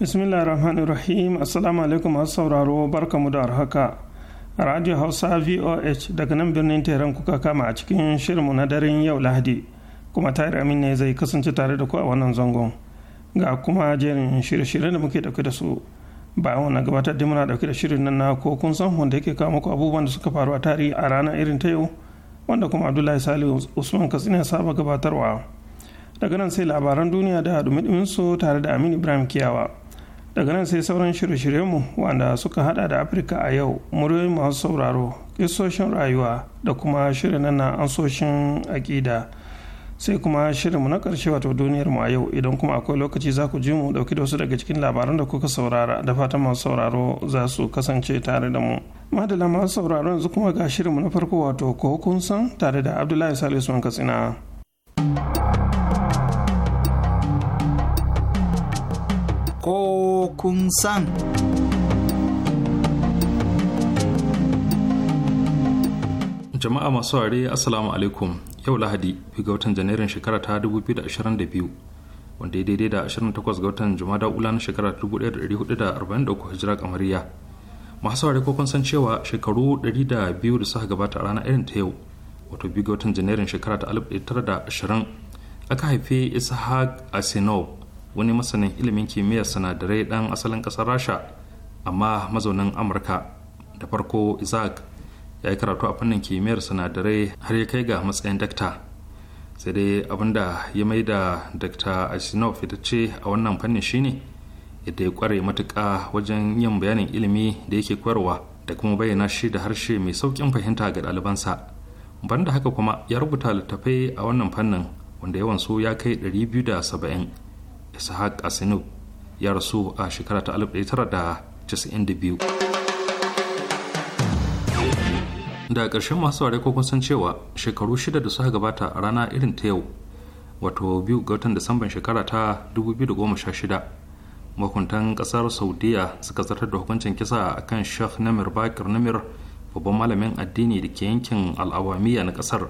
bismillah rahmanir rahim assalamu alaikum masu sauraro barka da haka radio hausa voh daga nan birnin tehran kuka kama a cikin shirinmu na daren yau lahadi kuma tare amin ne zai kasance tare da ku a wannan zangon ga kuma jerin shirye-shiryen da muke dauke da su bayan wannan gabatar da muna dauke da shirin nan na ko kun san wanda yake kawo muku abubuwan da suka faru a tarihi a ranar irin ta yau wanda kuma abdullahi salihu usman katsina saba gabatarwa daga nan sai labaran duniya da dumi su tare da amin Ibrahim Kiyawa. Daga nan sai sauran shirye-shiryenmu wanda suka hada da Afirka a yau, muryoyin masu sauraro, kisoshin rayuwa da kuma shirin na ansoshin aƙida. Sai kuma shirinmu na ƙarshe wato duniyar mu a yau idan kuma akwai lokaci za ku ji mu dauki da wasu daga cikin labaran da kuka saurara da fatan masu sauraro za su kasance tare da mu. Madala masu sauraro yanzu kuma ga shirinmu na farko wato ko kun san tare da Abdullahi Salisu Katsina. ko kun san. Jama'a masu ware Assalamu alaikum yau Lahadi ga watan Janairun shekara ta 2022 wanda ya daidai da 28 ga watan Jumada Ula na shekara 1443 hijira kamariya. Masu ware ko kun san cewa shekaru 200 da suka gabata a ranar irin ta yau wato biyu ga watan Janairun shekara ta 1920 aka haife Ishaq Asinov wani masanin ilimin kimiyyar sinadarai dan asalin ƙasar rasha amma mazaunin amurka da farko isaac ya yi karatu a fannin kimiyyar sinadarai har ya kai ga matsayin dakta sai dai da ya mai da dakta asinov ita ce a wannan fannin shine yadda ya kware matuka wajen yin bayanin ilimi da yake koyarwa da kuma bayyana shi da harshe mai saukin fahimta ga ɗalibansa banda haka kuma ya rubuta littattafai a wannan fannin wanda yawan su ya kai 270 ishaq asinu ya rasu a shekara ta 1992 da ƙarshen masu ware ko san cewa shekaru shida da suka gabata a rana irin ta yau wato biyu ga watan disamban shekara ta 2016 makuntan ƙasar saudiya suka zartar da hukuncin kisa a kan sheikh namir bakir namir babban malamin addini da ke yankin al'awamiya na ƙasar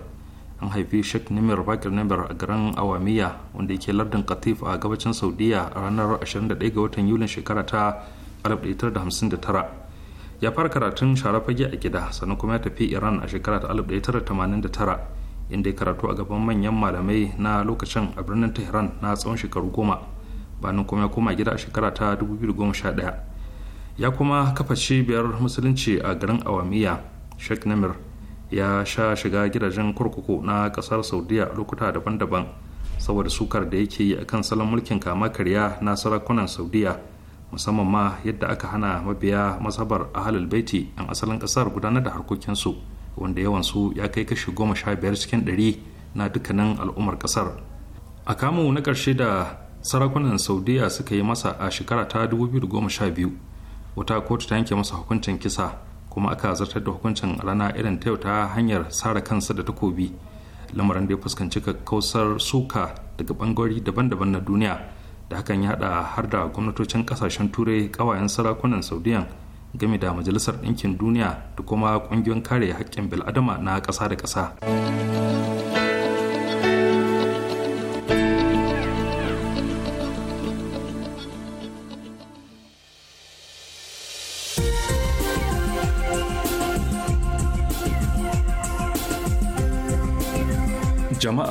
an haifi sheikh nimir bakir nimir a garin awamiya wanda yake lardin katif a gabacin saudiya a ranar 21 ga watan yulin shekara ta 1959 ya fara karatun sharafage a gida sannan kuma ya tafi iran a shekara ta 1989 inda ya karatu a gaban manyan malamai na lokacin a birnin tehran na tsawon shekaru goma bayan kuma ya koma gida a shekara ta 2011 ya kuma kafa cibiyar musulunci a garin awamiya sheikh namir ya sha shiga gidajen kurkuku na kasar saudiya lokuta daban-daban saboda sukar da yake yi akan salon mulkin kama karya na sarakunan saudiya musamman ma yadda aka hana mabiya masabar ahalul baiti an asalin kasar gudanar da harkokinsu wanda yawansu ya kai kashi goma sha biyar cikin ɗari na dukkanin al'ummar kasar a kamu na ƙarshe da sarakunan saudiya suka yi masa a shekara ta da sha biyu wata kotu ta yanke masa hukuncin kisa kuma aka zartar da hukuncin rana irin ta yau ta hanyar sara kansa da takobi lamarin da ya fuskanci kausar suka daga bangarori daban-daban na duniya da hakan ya haɗa har da gwamnatocin kasashen turai kawayen sarakunan saudiyan game da majalisar ɗinkin duniya da kuma ƙungiyoyin kare haƙƙin bil'adama na ƙasa da ƙasa.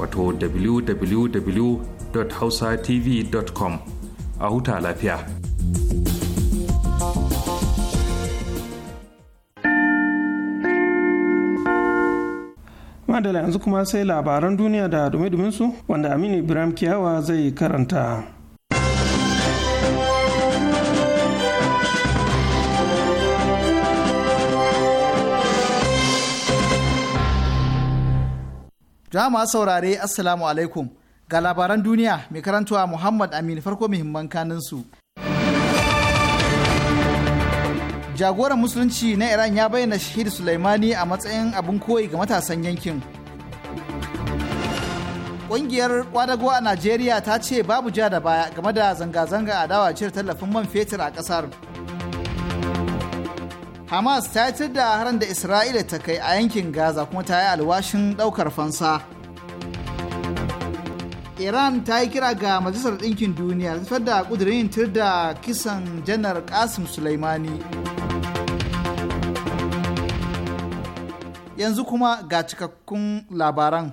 wato www.hausatv.com a huta lafiya. Madala yanzu kuma sai labaran duniya da dume-duminsu wanda Aminu Ibrahim Kiyawa zai karanta. Jama'a saurare Assalamu alaikum ga labaran duniya mai karantuwa Muhammad Amin farko muhimman kanin su. Jagoran Musulunci na Iran ya bayyana Shahid Sulaimani a matsayin abin koyi ga matasan yankin. Ƙungiyar kwadago a Najeriya ta ce babu ja da baya game da zanga-zanga a dawacin tallafin man fetur a ƙasar. hamas ta yi da haran da isra'ila ta kai a yankin gaza kuma ta yi alwashin ɗaukar fansa iran ta yi kira ga majalisar ɗinkin duniya fitar da ƙudurin tir da kisan janar kasim sulaimani yanzu kuma ga cikakkun labaran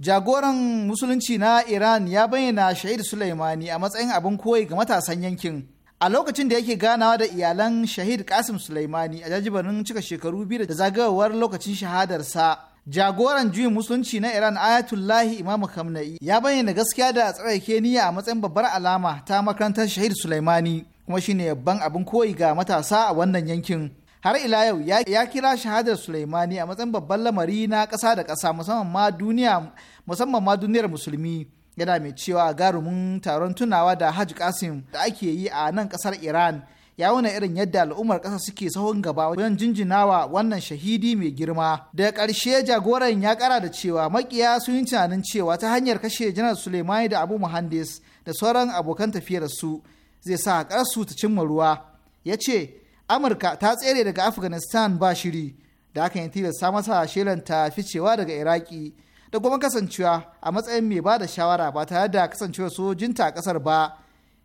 jagoran musulunci na iran ya bayyana shahid sulaimani a matsayin abin koyi ga matasan yankin a lokacin da yake ganawa da iyalan shahid kasim sulaimani a jajibarin cika shekaru biyu da zagayowar lokacin shahadarsa jagoran juyin musulunci na iran ayatullahi imam kamna'i ya bayyana gaskiya da tsarake niyya a matsayin babbar alama ta makarantar shahid sulaimani kuma shine babban abin koyi ga matasa a wannan yankin har ila yau ya kira shahadar sulaimani a matsayin babban lamari na ƙasa da ƙasa musamman ma duniyar musulmi yana mai cewa garumin taron tunawa da hajj kasim da ake yi a nan kasar iran ya wuna irin yadda al'ummar ƙasa suke sahun gaba wajen jinjinawa wannan shahidi mai girma da ƙarshe jagoran ya kara da cewa makiya sun yi tunanin cewa ta hanyar kashe janar suleimani da abu muhandis da sauran abokan tafiyar su zai sa ƙarsu ta cimma ruwa ya ce amurka ta tsere daga afghanistan ba shiri da aka yi tilasta masa shelanta ficewa daga iraki da kuma kasancewa a matsayin mai ba da shawara ba tare da kasancewa sojinta a kasar ba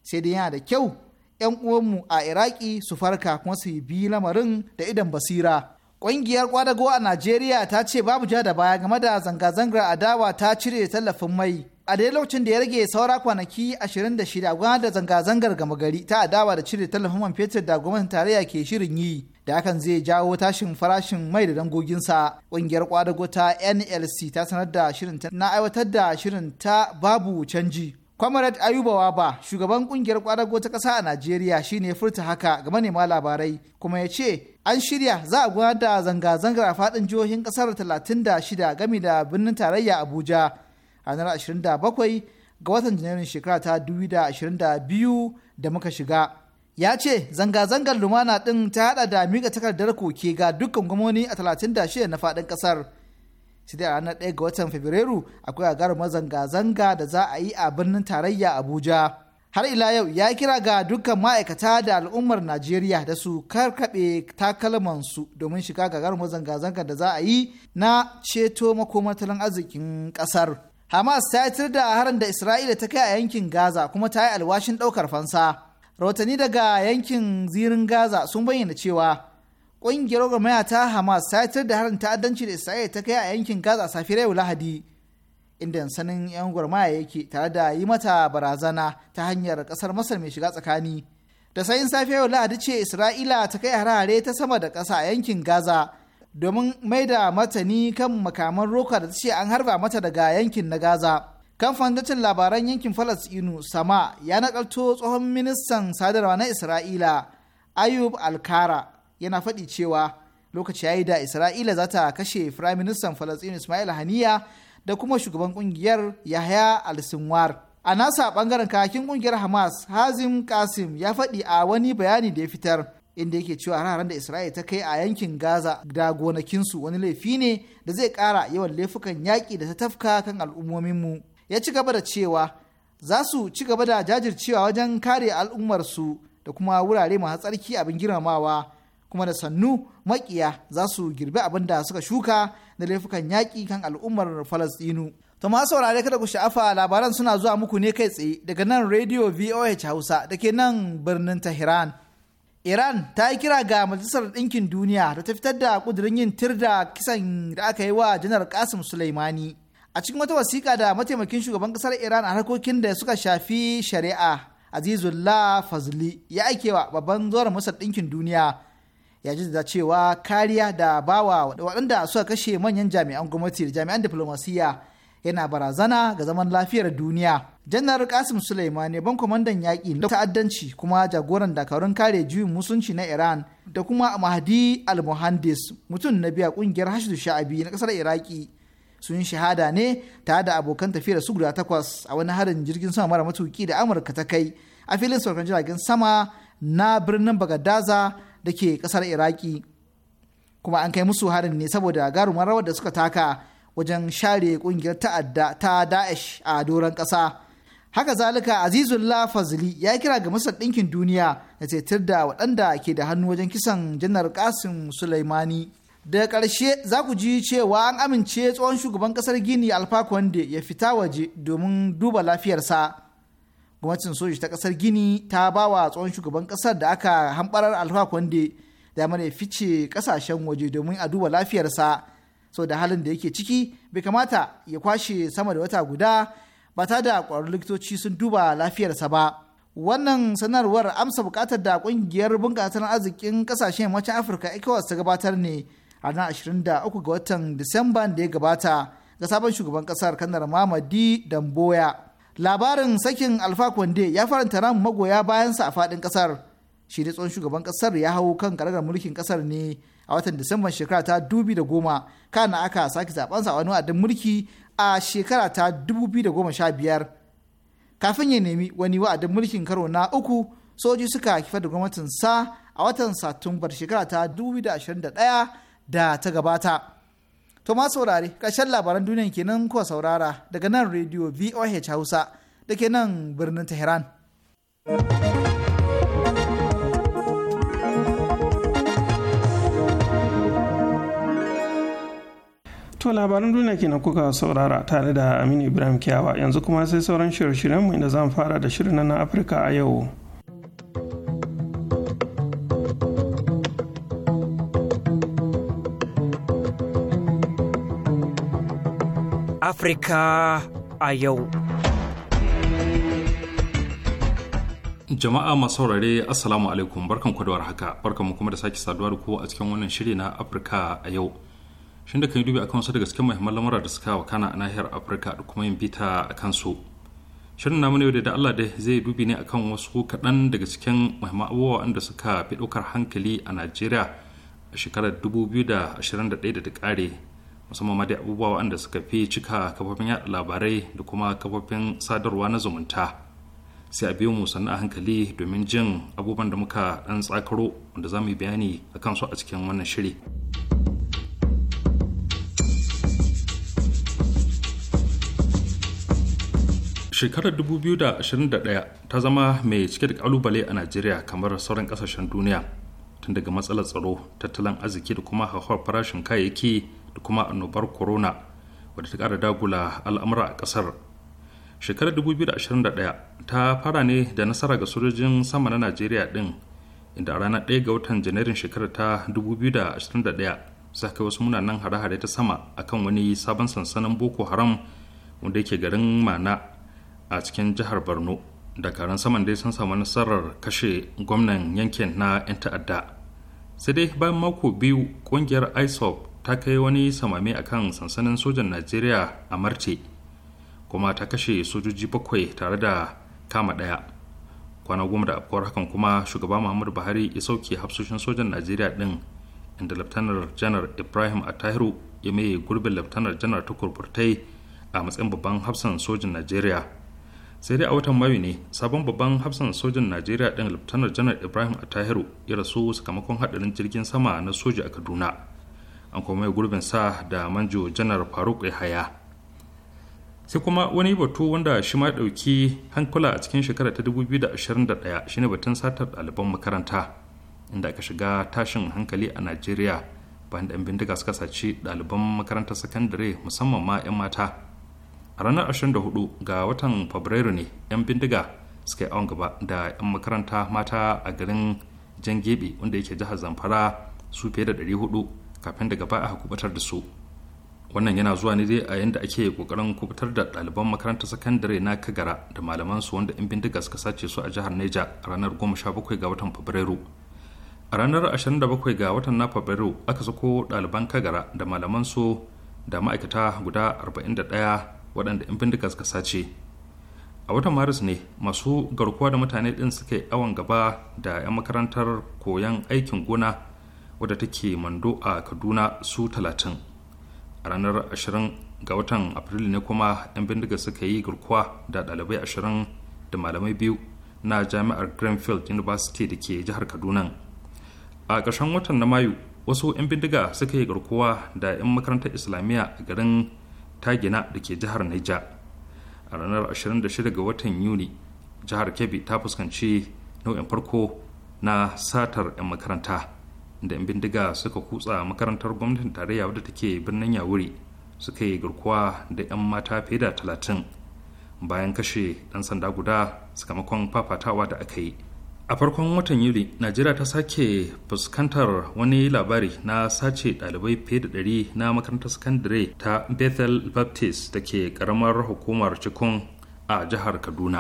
sai dai yana da kyau 'yan uwanmu a iraki su farka kuma su bi lamarin da idan basira ƙungiyar kwadago a najeriya ta ce babu ja da baya game da zanga-zangar adawa ta cire tallafin mai a daidai lokacin da ya rage saura kwanaki 26 gwamnati da zanga-zangar gama gari ta adawa da cire tallafin man fetur da gwamnatin tarayya ke shirin yi da hakan zai jawo tashin farashin mai da dangoginsa ƙungiyar kwadago ta nlc ta sanar da shirin ta na aiwatar da shirin ta babu canji kwamarat ayubawa ba shugaban ƙungiyar kwadago ta ƙasa a najeriya shine furta haka ga manema labarai kuma ya ce an shirya za a gudanar da zanga-zangar a faɗin jihohin ƙasar 36 game da birnin tarayya abuja ranar 27 ga watan janairun shekara ta 2022 da muka shiga ya ce zanga-zangar lumana ɗin ta haɗa da miƙa takardar koke ga dukkan gwamnoni a 36 na faɗin kasar. sai a ranar 1 ga watan fabrairu akwai gagarumar zanga-zanga da za a yi a birnin tarayya abuja har ila yau ya kira ga dukkan ma'aikata da al'ummar najeriya da su karkaɓe takalmansu domin shiga gagarumar zanga zanga da za a yi na ceto makomar talon arzikin ƙasar hamas ta yi da harin da isra'ila ta kai a yankin gaza kuma ta yi alwashin ɗaukar fansa rahotanni daga yankin zirin gaza sun bayyana cewa ƙungiyar gwamnati ta hamas ta yatar da harin ta'addanci da isra'ila ta kai a yankin gaza safiyar yau lahadi inda sanin yan gwamnati yake tare da yi mata barazana ta hanyar kasar masar mai shiga tsakani da sayin safiyar yau lahadi ce isra'ila ta kai harare ta sama da kasa a yankin gaza domin mai da matani kan makaman roka da ta ce an harba mata daga yankin na gaza kamfanin dacin labaran yankin inu sama ya nakalto tsohon ministan sadarwa na isra'ila ayub alkara yana faɗi cewa lokaci ya yi da isra'ila za ta kashe firayim ministan Falasinu ismail haniya da kuma shugaban ƙungiyar yahya al-sinwar a nasa ɓangaren kakin ƙungiyar hamas hazim kasim ya faɗi a wani bayani da ya fitar inda yake cewa hararen da isra'ila ta kai a yankin gaza da gonakinsu wani laifi ne da zai ƙara yawan laifukan yaƙi da ta tafka kan al'ummomin mu. ya ci gaba da cewa za su ci gaba da jajircewa wajen kare al'ummarsu da kuma wurare masu tsarki abin girmamawa kuma da sannu makiya za su girbi abin da suka shuka da laifukan yaƙi kan al'ummar falastinu to masu saurare kada ku sha'afa labaran suna zuwa muku ne kai tsaye daga nan radio voh hausa da ke nan birnin tehran iran ta yi kira ga majalisar ɗinkin duniya da ta fitar da ƙudurin yin tirda kisan da aka yi wa janar kasim suleimani a cikin wata wasiƙa da mataimakin shugaban ƙasar iran a harkokin da suka shafi shari'a azizullah fazli ya wa babban zuwar masar ɗinkin duniya ya da cewa kariya da bawa waɗanda suka kashe manyan jami'an gwamnati da jami'an diflomasiyya yana barazana ga zaman lafiyar duniya janar kasim suleiman ban kwamandan yaƙi da ta'addanci kuma jagoran dakarun kare juyin musunci na iran da kuma mahdi al-muhandis mutum na biya ƙungiyar hashidu sha'abi na ƙasar iraki sun shahada ne tare da abokan tafiyar su guda takwas a wani harin jirgin sama mara matuki da amurka ta kai a filin saukan jiragen sama na birnin bagadaza da ke kasar iraki kuma an kai musu harin ne saboda garuman rawar da suka taka wajen share kungiyar ta'adda ta da'ish a doron kasa haka zalika azizullah fazli ya kira ga masar ɗinkin duniya da cetar da waɗanda ke da hannu wajen kisan janar kasim sulaimani da ƙarshe za ku ji cewa an amince tsohon shugaban ƙasar gini alfa konde ya fita waje domin duba lafiyarsa gwamnatin soji ta ƙasar gini ta ba wa tsohon shugaban ƙasar da aka hamɓarar alfa konde da ya fice ƙasashen waje domin a duba lafiyarsa sau da halin da yake ciki bai kamata ya kwashe sama da wata guda ba ta da ƙwararrun likitoci sun duba lafiyarsa ba. wannan sanarwar amsa bukatar da ƙungiyar bunƙasa arzikin ƙasashen yammacin afirka ecowas ta gabatar ne a ranar 23 ga watan Disamba da ya gabata ga sabon shugaban kasar kanar Mamadi Damboya. Labarin sakin Alfa Konde ya faranta ran magoya bayansa a fadin kasar. Shi da tsohon shugaban kasar ya hau kan karagar mulkin kasar ne a watan Disamban shekara ta goma kana aka sake zabansa a wani wa'adin mulki a shekara ta biyar. Kafin ya nemi wani wa'adin mulkin karo na uku soji suka kifar da gwamnatin sa a watan Satumbar shekara ta ɗaya. da ta gabata. To ma saurare ƙarshen labaran duniyan kenan kuwa saurara daga nan rediyo VOH Hausa da ke nan birnin Tehran. To labaran duniya kenan kuka saurara tare da Aminu Ibrahim Kiyawa yanzu kuma sai sauran shirye-shiryenmu inda zan fara da shirin na Afirka a yau. Afirka a yau. Jama'a masu saurare Assalamu alaikum barkan ku da barkan mu kuma da sake saduwa da ku a cikin wannan shiri na Afirka a yau. Shin da kan yi dubi akan wasu daga cikin muhimman lamura da suka wakana a nahiyar Afirka da kuma yin bita a kansu. Shirin namu yau da Allah dai zai dubi ne akan wasu kaɗan daga cikin muhimman abubuwa wanda suka fi ɗaukar hankali a Najeriya a shekarar 2021 da ta ƙare musamman ma da abubuwa waɗanda suka fi cika kafofin yaɗa labarai da kuma kafofin sadarwa na zumunta sai a biyo mu sannan a hankali domin jin abubuwan da muka ɗan tsakaro wanda za mu yi bayani a kan su a cikin wannan shiri. shekarar 2021 ta zama mai cike da kalubale a najeriya kamar sauran kasashen duniya tun daga matsalar tsaro tattalin arziki da kuma hauhawar farashin kayayyaki kuma annobar corona wadda ta kara dagula al'amura a kasar shekarar 2021 ta fara ne da nasara ga sojojin sama na najeriya din inda a ranar 1 ga watan janairun shekarar ta 2021 suka kai wasu munanan hare-hare ta sama akan wani sabon sansanin boko haram wanda yake garin mana a cikin jihar borno da karan saman dai sun samu nasarar kashe gwamnan yankin na 'yan ta'adda sai dai bayan mako biyu kungiyar isop ta kai wani samame a kan sansanin sojan najeriya a marti kuma ta kashe sojoji bakwai tare da kama ɗaya kwana goma da afkuwar hakan kuma shugaba muhammadu buhari ya sauke hafsoshin sojan najeriya din inda laftanar janar ibrahim atahiru ya maye gurbin laftanar janar ta a matsayin babban hafsan sojan najeriya sai dai a watan mayu ne sabon babban hafsan sojan najeriya ɗin laftanar janar ibrahim atahiru ya rasu sakamakon haɗarin jirgin sama na soja a kaduna an kuma mai gurbin sa da manjo janar faruk haya sai kuma wani batu wanda shi ma dauki hankula a cikin shekara ta 2021 shine batun satar ɗaliban makaranta inda aka shiga tashin hankali a najeriya bayan da 'yan bindiga suka saci ɗaliban makarantar sakandare musamman ma 'yan mata a ranar 24 ga watan fabrairu ne 'yan bindiga suka yi awon gaba da 'yan makaranta mata a garin jangebe wanda yake jihar zamfara su fiye da kafin daga baya a kubutar da su wannan yana zuwa ne dai a yadda ake kokarin kubutar da ɗaliban makarantar sakandare na kagara da malaman su wanda 'yan bindiga suka sace su a jihar neja a ranar 17 ga watan fabrairu a ranar 27 ga watan na fabrairu aka sako ɗaliban kagara da malaman su da ma'aikata guda 41 waɗanda 'yan bindiga suka sace a watan maris ne masu garkuwa da mutane ɗin suka yi awon gaba da 'yan makarantar koyon aikin gona wadda take mando a kaduna su talatin a ranar 20 ga watan afrilu ne kuma 'yan bindiga suka yi garkuwa da dalibai ashirin da malamai biyu na jami'ar greenfield university da ke jihar kaduna a ƙarshen watan na mayu wasu 'yan bindiga suka yi garkuwa da 'yan makarantar islamiyya a garin tagina da ke jihar naija a ranar 26 ga watan yuni jihar kebbi ta fuskanci nau'in farko na satar 'yan makaranta da 'yan bindiga suka kutsa makarantar gwamnatin tarayya wadda take birnin yawuri suka yi garkuwa da 'yan mata fiye da talatin bayan kashe ɗan sanda guda sakamakon fafatawa da aka yi a farkon watan yuli najeriya ta sake fuskantar wani labari na sace dalibai fiye da ɗari na makarantar sakandare ta bethel baptist da ke karamar hukumar cikun a jihar kaduna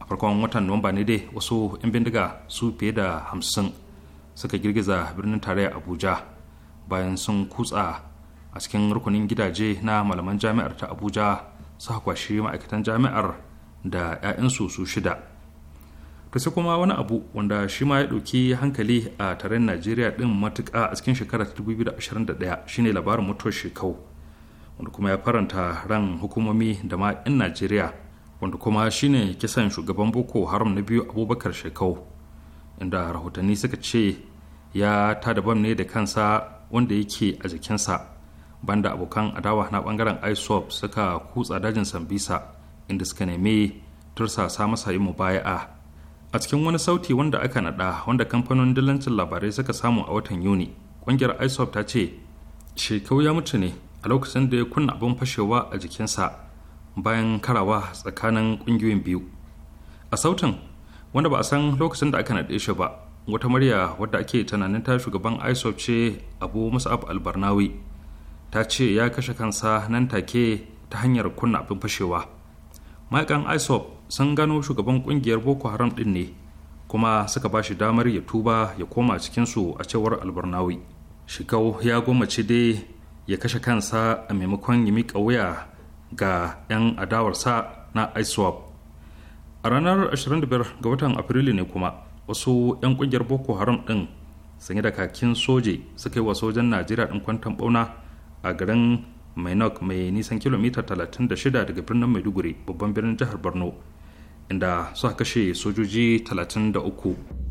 a farkon watan nuwamba ne dai wasu 'yan bindiga su fiye da hamsin suka girgiza birnin tarayya abuja bayan sun kutsa a cikin rukunin gidaje na malaman jami'ar ta abuja su kwashi ma'aikatan jami'ar da 'ya'yansu su shida ta sai kuma wani abu wanda shi ma ya ɗauki hankali a taron najeriya ɗin matuƙa a cikin shekarar 2021 shine labarin mutuwar shekau wanda kuma ya faranta ran hukumomi da ma 'yan najeriya wanda kuma shine kisan shugaban boko haram na biyu abubakar shekau inda rahotanni suka ce ya tada bam ne da kansa wanda yake a jikinsa banda abokan adawa na bangaren isop suka kutsa dajin sambisa inda suka nemi tursasa masa yi mubaya'a a cikin wani sauti wanda aka nada wanda kamfanin dillancin labarai suka samu a watan yuni kungiyar isop ta ce shekau ya mutu ne a lokacin da ya kunna abin fashewa a jikinsa bayan karawa tsakanin kungiyoyin biyu a sautin wanda ba a san lokacin da aka naɗe shi ba wata murya wadda ake tunanin ta shugaban isop ce abu musab albarnawi ta ce ya kashe kansa nan take ta hanyar kunna abin fashewa ma'aikan isop sun gano shugaban kungiyar boko haram din ne kuma suka ba shi damar ya tuba ya koma cikinsu a cewar albarnawi shikau ya gwamace dai ya kashe kansa a maimakon ya miƙa wuya ga 'yan adawarsa na isop a ranar 25 ga watan afrilu ne kuma wasu 'yan kungiyar boko haram din sanye da kakin soje suka yi wa sojan najeriya din kwantan bauna a garin mainok mai nisan kilomita 36 daga birnin maiduguri babban birnin jihar borno inda suka kashe sojoji 33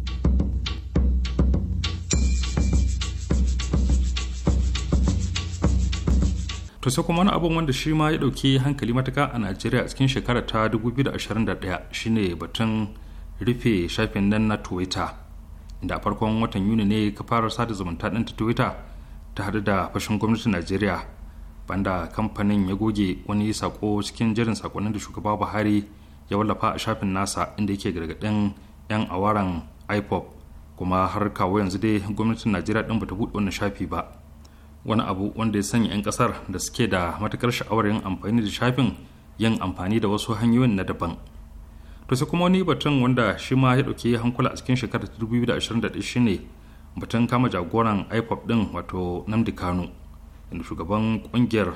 to sai kuma wani abin wanda shi ma ya dauki hankali matuka a najeriya cikin shekara ta 2021 shine batun rufe shafin nan na twitter da farkon watan yuni ne ka fara sada zumunta ɗin ta twitter ta hadu da fashin gwamnatin najeriya banda kamfanin ya goge wani sako cikin jerin sakonnin da shugaba buhari ya wallafa a shafin nasa inda yake gargaɗin 'yan awaran ipop kuma har kawo yanzu dai gwamnatin najeriya ɗin bata buɗe wannan shafi ba wani abu wanda ya sanya 'yan kasar da suke da matukar sha'awar yin amfani da shafin yin amfani da wasu hanyoyin na daban to sai kuma wani batun wanda shi ma ya dauke hankula a cikin shekarar 2021 shine batun kama jagoran ipop din wato namdi kano inda shugaban kungiyar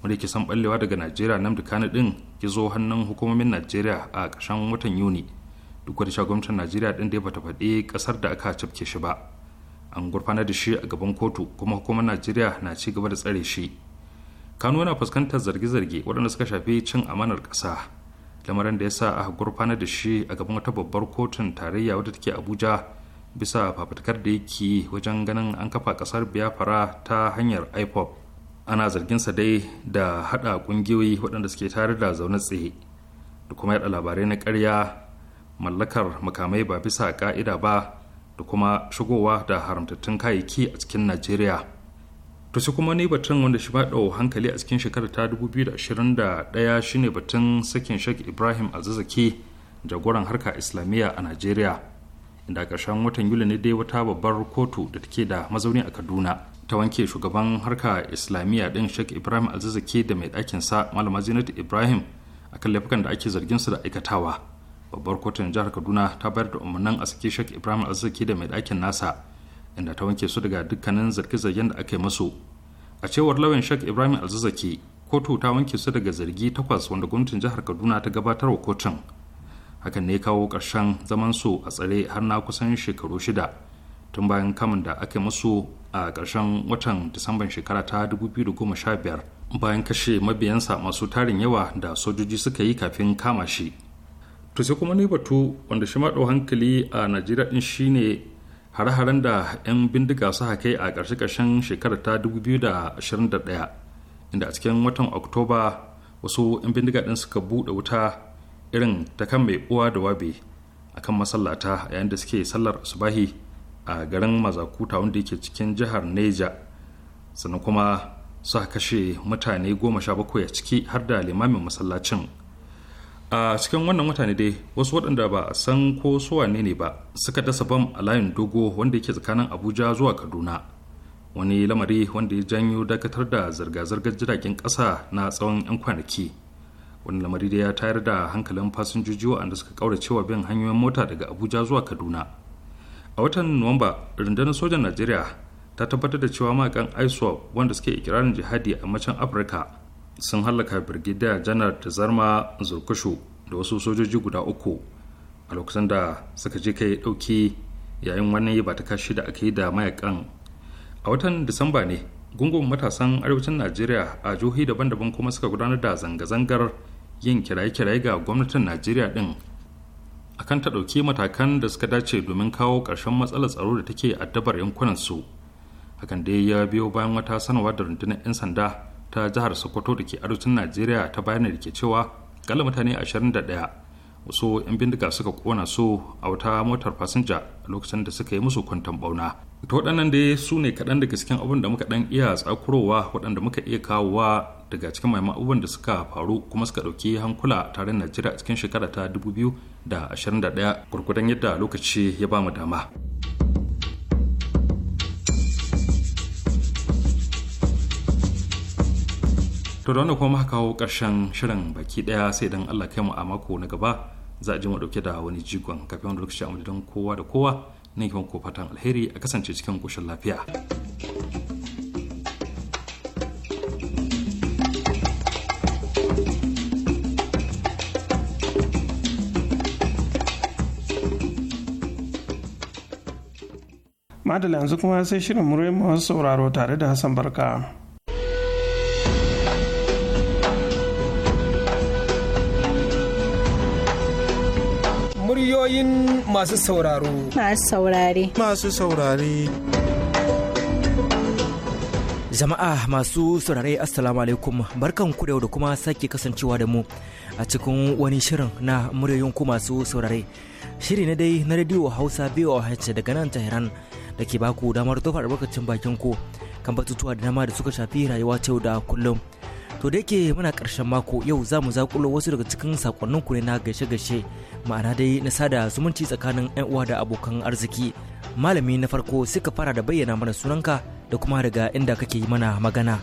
wanda ke son ballewa daga najeriya namdi kano din ya zo hannun hukumomin najeriya a ƙarshen watan yuni duk wani gwamnatin najeriya din da ya bata faɗi ƙasar da aka cafke shi ba an gurfanar da shi a gaban kotu kuma hukumar najeriya na ci gaba da tsare shi kano yana fuskantar zarge-zarge waɗanda suka shafi cin amanar ƙasa lamarin da ya sa aka gurfanar da shi a gaban wata babbar kotun tarayya wadda take abuja bisa fafutukar da yake wajen ganin an kafa ƙasar biafra ta hanyar ipop ana zarginsa dai da haɗa ƙungiyoyi waɗanda suke tare da zaune tsaye da kuma yaɗa labarai na ƙarya mallakar makamai ba bisa ƙa'ida ba da kuma shigowa da haramtattun kayayyaki a cikin najeriya to sai kuma ni batun wanda shi ɗau hankali a cikin shekarar ta 2021 shine batun sakin shek ibrahim azizaki jagoran harka islamiyya a najeriya inda karshen watan yuli ne dai wata babbar kotu da take da mazauni a kaduna ta wanke shugaban harka islamiyya ɗin shek ibrahim azizaki da mai sa malama zinat ibrahim akan laifukan da ake zargin su da aikatawa babbar kotun jihar kaduna ta bayar da umarnin a saki shek ibrahim arziki da mai ɗakin nasa inda ta wanke su daga dukkanin zarge-zargen da aka yi musu a cewar lauyan shek ibrahim alzazaki kotu ta wanke su daga zargi takwas wanda gwamnatin jihar kaduna ta gabatar wa kotun hakan ne kawo karshen zaman su a tsare har na kusan shekaru shida tun bayan kamun da aka yi musu a karshen watan disamban shekara ta 2015 bayan kashe mabiyansa masu tarin yawa da sojoji suka yi kafin kama shi to sai kuma ni batu wanda shi maɗau hankali a najeriya ɗin shine hare-haren da 'yan bindiga su kai a ƙarshe-ƙarshen shekarar ta 2021 inda a cikin watan oktoba wasu 'yan bindiga ɗin suka buɗe wuta irin ta kan mai uwa da wabe a kan masallata yayin da suke sallar subahi a garin mazakuta wanda yake cikin jihar neja sannan kuma suka kashe mutane goma sha bakwai a ciki har da limamin masallacin a cikin wannan mutane dai wasu waɗanda ba a san ko su wane ne ba suka dasa bam a layin dogo wanda yake tsakanin abuja zuwa kaduna wani lamari wanda ya janyo dakatar da zirga-zirgar jiragen ƙasa na tsawon 'yan kwanaki wani lamari da ya tayar da hankalin fasinjoji waɗanda suka kauracewa bin hanyoyin mota daga abuja zuwa kaduna a watan nuwamba rundunar sojan najeriya ta tabbatar da cewa maƙan iswap wanda suke ikirarin jihadi a macen afirka sun hallaka birgida janar da zarma zurkushu da wasu sojoji guda uku a lokacin da suka je kai ɗauki yayin wani ba ta kashi da aka yi da mayakan a watan disamba ne gungun matasan arewacin najeriya a jihohi daban-daban kuma suka gudanar da zanga-zangar yin kiraye-kiraye ga gwamnatin najeriya din akan ta ɗauki matakan da suka dace domin kawo ƙarshen matsalar tsaro da take addabar yankunan su hakan dai ya biyo bayan wata sanarwa da rundunar 'yan sanda ta jihar sokoto da ke arewacin najeriya ta bayanin da ke cewa gala mutane 21 wasu 'yan bindiga suka kona su a wata motar fasinja a lokacin da suka yi musu kwantan bauna ita waɗannan dai su ne kaɗan daga cikin abin da muka ɗan iya tsakurowa waɗanda muka iya kawowa daga cikin maimakon abubuwan da suka faru kuma suka ɗauki hankula tare najeriya a cikin shekara ta 2021 gurgudan yadda lokaci ya ba mu dama. to da wanda kuma muka kawo ƙarshen shirin baki ɗaya sai dan Allah kai mu a mako na gaba za a ji mu ɗauke da wani jigon kafin wani lokaci a don kowa da kowa na yi ko fatan alheri a kasance cikin ƙoshin lafiya. madala yanzu kuma sai shirin muryoyin masu sauraro tare da Hassan Barka. masu sauraro. Masu saurare. Masu saurare. Jama'a masu saurare Assalamu alaikum barkan ku da kuma sake kasancewa da mu a cikin wani shirin na muryoyin ku masu saurare. Shiri na dai na radio Hausa a BOH daga nan Tehran da ke baku damar tofar albarkacin bakin ku kan batutuwa da dama da suka shafi rayuwa ta da kullum. to da yake muna karshen mako yau za mu zakulo wasu daga cikin sakonnin ku ne na gaishe-gaishe ma'ana dai na sada zumunci tsakanin 'yan uwa da abokan arziki malami na farko suka fara da bayyana mana sunanka da kuma daga inda kake yi mana magana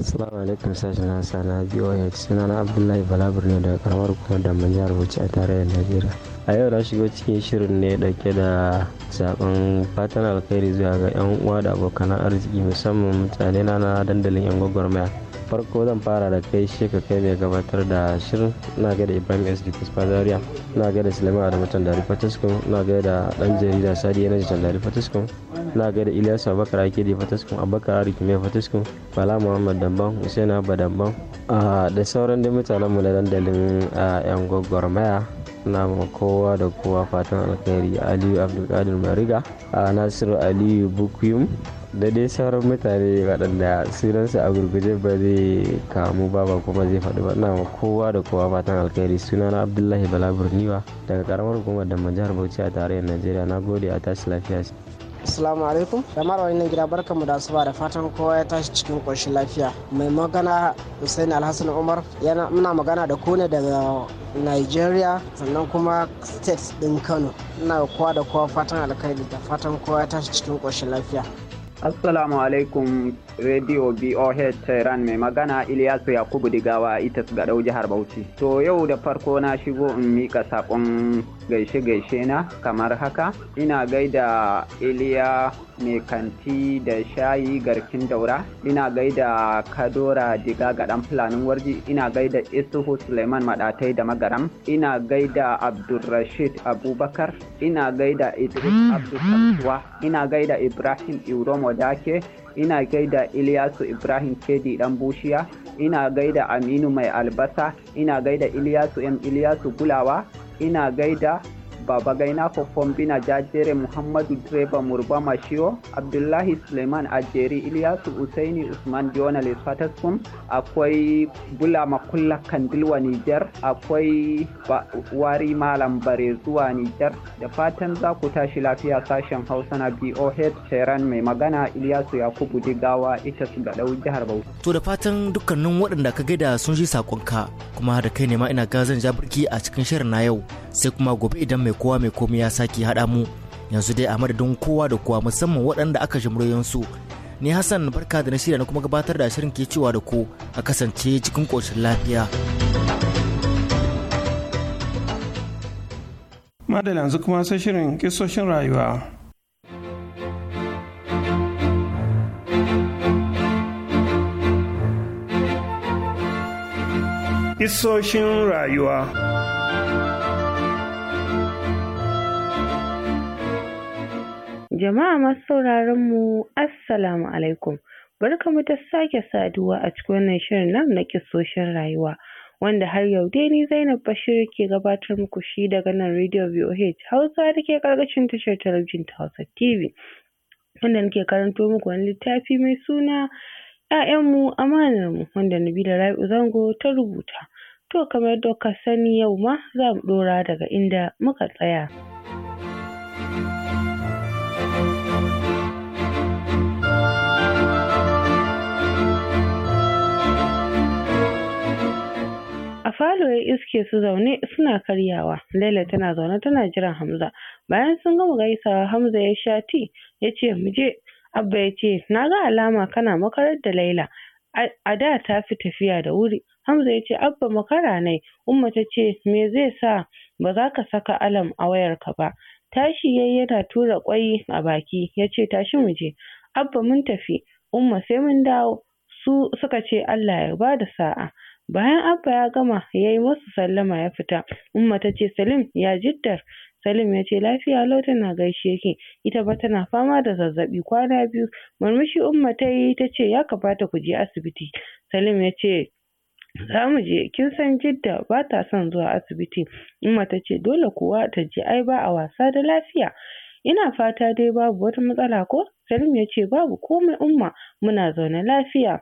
Assalamu alaikum sashen nasa na BOH suna na Abdullahi Balabur ne daga karamar kuma da jihar Bauchi a tarayyar Najeriya. A yau na shigo cikin shirin ne dauke da zaben fatan alkhairi zuwa ga 'yan uwa da abokan arziki musamman mutane na dandalin 'yan gwagwarmaya. farko zan fara da kai shi ka kai mai gabatar da shirin na gaida ibrahim s d zaria na gaida sulaiman adamu tandari fatasko na gaida dan jarida sadi yanaji tandari fatasko na gaida ilyas abakar akidi fatasko abakar arikime fatasko bala muhammad damban hussein abba damban da sauran da mutanen mu na dandalin yan gwagwarmaya na kowa da kowa fatan alkhairi aliyu abdulkadir mariga nasiru aliyu bukuyum da dai sauran mutane waɗanda sunansu a gurguje ba zai kamu ba ba kuma zai faɗi ba ina kowa da kowa fatan alkhairi sunana abdullahi bala burniwa daga karamar hukumar da majihar bauchi a tarayyar najeriya na gode a tashi lafiya Assalamu alaikum. Jama'ar wannan gida barka da asuba da fatan kowa ya tashi cikin ƙoshin lafiya. Mai magana Hussein Alhassan Umar yana muna magana da kone daga Nigeria sannan kuma state ɗin Kano. Ina kowa da kowa fatan alkhairi da fatan kowa ya tashi cikin ƙoshin lafiya. Assalamu alaikum Radio BOH Tehran mai magana Ilyasu Yakubu Digawa ita su gadau jihar Bauchi. To yau da farko na shigo in mika saƙon gaishe-gaishe na kamar haka ina gaida Iliya mai kanti da shayi garkin daura ina gaida kadora diga gadan fulanin warji ina gaida isuhu suleiman maɗatai da magaram ina gaida abdulrashid abubakar ina gaida idris hmm. abdulkamtuwa ina gaida ibrahim iromo dake ina gaida Ilyasu Ibrahim Kedi ɗan Bushiya, ina gaida Aminu Mai Albasa, ina gaida Ilyasu M Ilyasu Gulawa, ina gaida baba gaina fofombina jajere muhammadu direba murba mashiro abdullahi suleiman ajeri iliyasu usaini usman diona lesfataskum akwai bula makulla kandilwa nijar akwai wari malam bare zuwa nijar da fatan za ku tashi lafiya sashen hausa na boh tehran mai magana iliyasu yakubu digawa ita su ga jihar bauchi to da fatan dukkanin waɗanda ka gaida sun ji sakonka kuma da kai ne ma ina gazan jabirki a cikin shirin na yau sai kuma gobe idan mai kowa mai komai ya sake haɗa mu yanzu dai a madadin kowa da kowa musamman waɗanda aka jimriyon su ni hassan barka da na shirya na kuma gabatar da shirin ke cewa da ku a kasance cikin ƙoshin lafiya. madalla yanzu kuma sai shirin kisoshin rayuwa. Kisoshin rayuwa. Jama'a masu sauraron mu Assalamu alaikum. Barkamu ta sake saduwa a cikin wannan shirin nan na kisoshin rayuwa wanda har yau dai ni Zainab Bashir ke gabatar muku shi daga nan Radio VOH Hausa da ke karkashin tashar talabijin ta Hausa TV. Wanda nake karanto muku wani littafi mai suna ‘Ya'yanmu amanar mu wanda Nabila Rabi'u Zango ta rubuta. To kamar yadda kuka sani yau ma za mu ɗora daga inda muka tsaya. falo ya iske su zaune suna karyawa laila tana zaune tana jiran hamza bayan sun gama gaisawa hamza ya sha ti ya ce mu je abba ya ce na ga alama kana makarar da laila a da ta fi tafiya da wuri hamza ya ce abba makara ne umma ta ce me zai sa ba za ka saka alam a wayarka ba tashi yayi yana tura kwai a baki ya ce tashi mu je abba mun tafi umma sai mun dawo su suka ce allah ya bada sa'a Bayan Abba ya gama ya yi masu sallama ya fita, Umma ta ce Salim ya jiddar? Salim ya ce lafiya lau na gaishe ki, ita ba tana fama da zazzabi kwana biyu. Murmushi Umma ta yi ta ce ya kamata ku je asibiti. Salim ya ce za mu je kin san Jidda ba ta son zuwa asibiti. Umma ta ce dole kuwa ta je ai ba a wasa da lafiya. Ina fata dai babu wata matsala ko? Salim ya ce babu komai Umma muna zaune lafiya.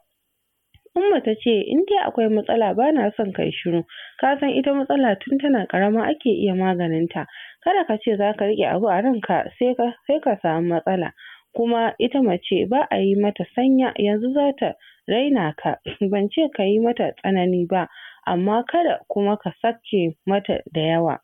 Umma ta ce in dai akwai matsala ba na son kai shiru. Ka san ita matsala tun tana karama ake iya maganinta. Kada ka ce za ka riƙe abu a ranka sai ka samu matsala. Kuma ita mace ba a yi mata sanya yanzu za ta raina ka. Ban ce ka yi mata tsanani ba amma kada kuma ka sake mata da yawa.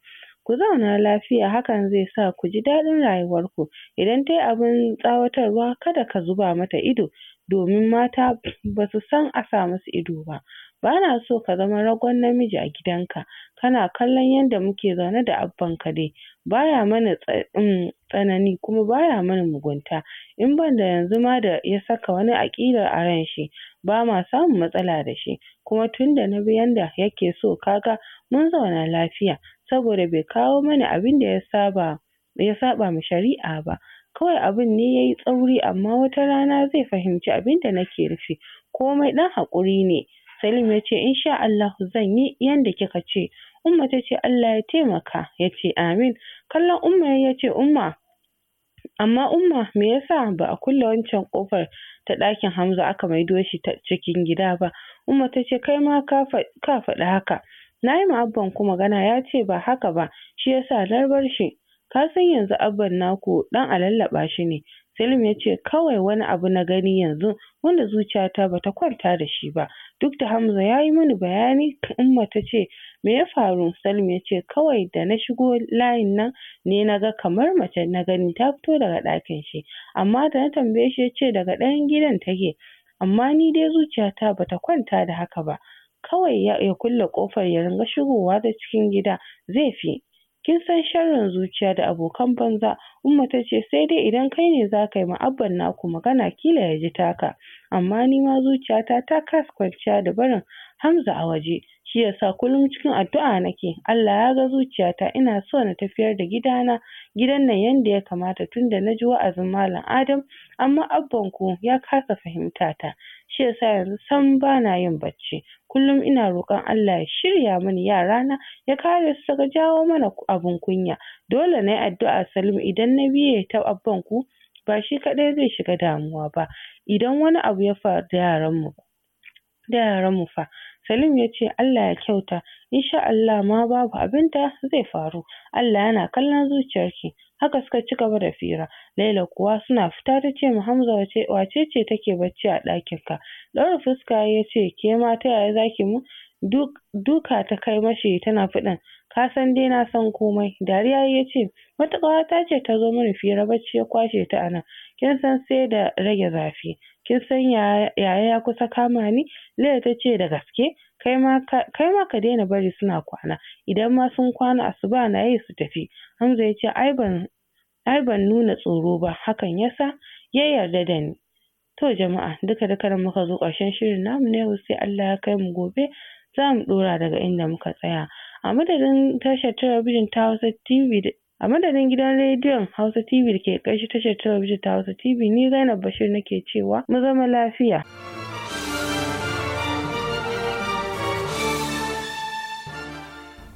ku zauna lafiya hakan zai sa ku ji daɗin rayuwarku idan ta yi abin tsawatarwa kada ka zuba mata ido domin mata ba su san a sa musu ido ba. Ba na so ka zama ragon namiji a gidanka, kana kallon yadda muke zaune da abbanka dai, baya mana um, tsanani kuma baya mana mugunta, in ban da yanzu ma da ya saka wani aƙidar a ran shi, ba ma samun matsala da shi, kuma tun da na bi yanda yake so ka ga mun zauna lafiya, saboda bai kawo mana abin da ya saɓa ma shari'a ba. Kawai abin ne yayi tsauri amma wata rana zai fahimci abin da nake nufi. Komai ɗan hakuri ne. Salim yace ce insha Allahu zan yi yanda kika ce. Umma ta ce Allah ya taimaka yace amin. Kallon Umma ya ce Umma amma Umma me yasa ba a kulle wancan kofar ta ɗakin Hamza aka maido shi ta cikin gida ba. Umma tace kai ma ka faɗi haka. Na yi ma abban ku magana ya ce ba haka ba shi yasa na barshi. shi. Ka san yanzu abban naku ɗan a lallaɓa shi ne. Salim ya ce kawai wani abu na gani yanzu wanda zuciyata bata kwanta da shi ba. Duk da Hamza ya yi mini bayani Umma ta ce me ya faru? Salim ya ce kawai da na shigo layin nan ne na ga kamar mace na gani ta fito daga ɗakin shi. Amma da na tambaye shi ya ce daga ɗayan gidan take. Amma ni dai zuciyata bata kwanta da haka ba. Kawai ya kulle ƙofar ya ringa shigowa da cikin gida zai fi. kin san sharrin zuciya da abokan banza Umma ta ce sai dai idan kai ne za ka yi ma naku magana kila ya ji taka amma ni ma zuciyata ta kasa kwanciya da barin Hamza a waje shi yasa kullum cikin addu'a nake Allah ya ga zuciyata ina so na tafiyar da gidana gidan nan yanda ya kamata tunda na ji wa'azin Malam Adam amma abban ku ya kasa fahimta ta shi yasa yanzu sam bana yin bacci kullum ina roƙon Allah ya shirya mini yarana ya kare su daga jawo mana abun kunya dole nayi addu'a Salim idan na biye ta abban ku ba shi kaɗai zai shiga damuwa ba idan wani abu ya faru da yaran mu da yaran mu fa Salim ya ce Allah ya kyauta insha Allah ma babu abinta zai faru Allah yana kallon zuciyarki haka suka ci gaba da fira laila kuwa suna fita ta ce hamza wace ce take bacci a ɗakin ka ɗaura fuska ya ce ke ma ta yaya zaki mu duka ta kai mashi tana faɗin ka san dai na san komai dariya ya ce matuƙa ta ce ta zo mini fira bacci ya kwashe ta a nan kin san sai da rage zafi kin san yaya ya kusa kama ni laila ta ce da gaske kai ma ka daina bari suna kwana idan ma sun kwana asuba na yi su tafi hamza ya ce ai ban har ban nuna tsoro ba hakan yasa ya yarda da ni to jama'a duka duka nan muka zo ƙarshen shirin namu na yau sai Allah ya kai mu gobe za mu ɗora daga inda muka tsaya a madadin tashar talabijin ta Hausa TV a madadin gidan rediyon Hausa TV da ke ƙarshe tashar talabijin ta Hausa TV ni Zainab Bashir nake cewa mu zama lafiya.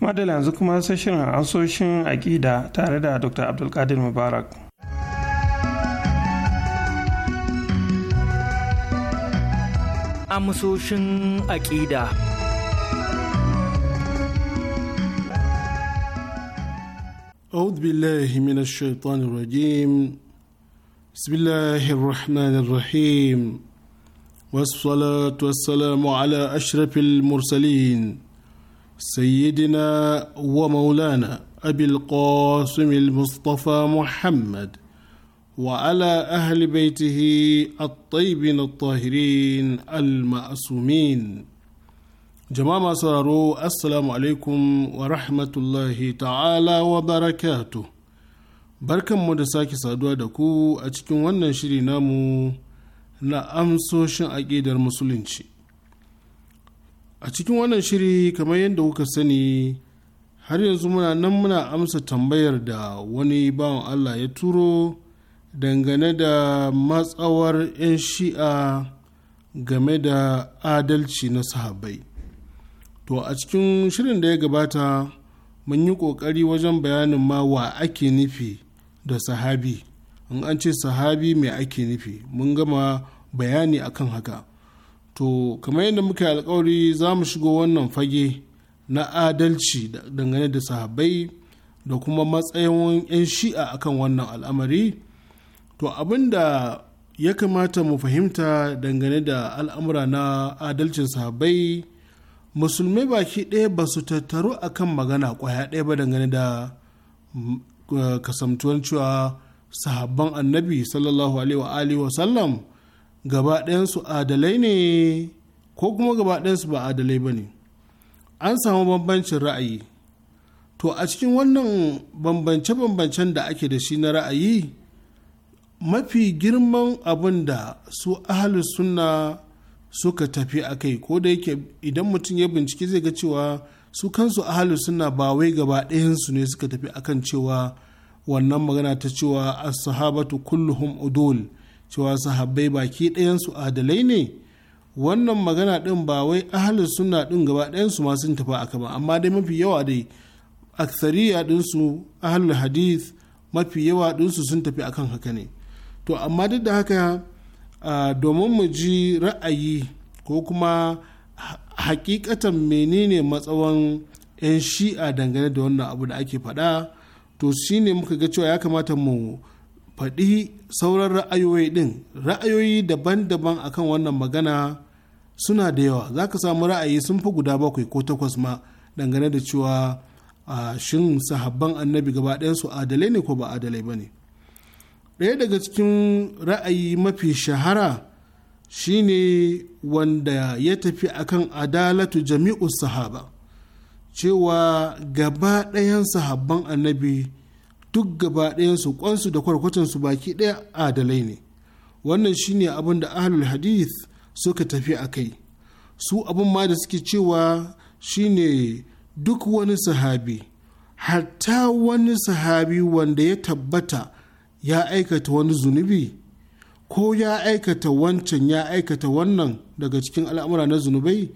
madala yanzu kuma sai shirin ansoshin aƙida tare da dr abdulkadir mubarak amsoshin aƙida أعوذ بالله من الشيطان الرجيم بسم الله الرحمن الرحيم والصلاة والسلام على أشرف المرسلين سيدنا ومولانا أبي القاسم المصطفى محمد وعلى أهل بيته الطيبين الطاهرين المأسومين جماعة سرارو السلام عليكم ورحمة الله تعالى وبركاته barkan mu da sake saduwa da ku a cikin wannan shiri namu na amsoshin aƙidar musulunci a cikin wannan shiri kamar yadda kuka sani har yanzu muna nan muna amsa tambayar da wani bawan allah ya turo dangane da matsawar 'yan shi'a game da adalci na sahabai. to a cikin shirin da ya gabata mun yi ƙoƙari wajen bayanin ma wa ake nufi da sahabi in an ce sahabi mai ake nufi mun gama bayani akan haka to kamar yadda muka alkawari za mu shigo wannan fage na adalci dangane da sahabbai da kuma matsayin 'yan shi'a akan wannan al'amari to abin da ya kamata mu fahimta dangane da al'amura na adalcin sahabbai musulmai baki ɗaya ba su tattaru akan magana ƙwaya ɗaya ba dangane da mm, eh, kasamtuwan cewa sahabban annabi sallallahu alaihi wa sallam gaba ɗayansu adalai ne ko kuma gaba ɗayansu ba adalai ba ne an samu bambancin ra'ayi to a cikin wannan bambance-bambancen da ake da shi na ra'ayi mafi girman abin da su ahalus sunna suka tafi a kai ko da yake idan mutum ya bincike zai ga cewa su kansu ahalus sunna ba wai gaba ɗayansu ne suka tafi akan cewa wannan magana ta cewa as-sahabatu kulluhum udul cewa sahabbai baki ɗayansu adalai ne wannan magana ɗin ba wai ahalin suna ɗin gaba ɗayansu ma sun tafi aka ba amma dai mafi yawa dai aksariya ɗinsu ahalin hadith mafi yawa ɗinsu sun tafi akan haka ne to amma duk da haka domin mu ji ra'ayi ko kuma hakikatan menene matsawan 'yan shi'a dangane da wannan abu da ake faɗa to shine muka ga cewa ya kamata mu faɗi sauran ra'ayoyi ɗin ra'ayoyi daban-daban akan wannan magana suna da yawa za ka samu ra'ayi sun fi guda bakwai ko takwas ma dangane da cewa shin sahabban annabi gaba su adalai ne ko ba adalai ba ne ɗaya daga cikin ra'ayi mafi shahara shine wanda ya tafi akan adalatu jami'u sahaba cewa gaba ɗayan sahabban annabi duk gaba ɗayansu kwansu da kwarkwatansu baki ɗaya adalai ne wannan shine abin da ahlul hadith suka tafi a kai su abin ma da suke cewa shine duk wani sahabi hatta wani sahabi wanda ya tabbata ya aikata wani zunubi ko ya aikata wancan ya aikata wannan daga cikin al'amura na zunubai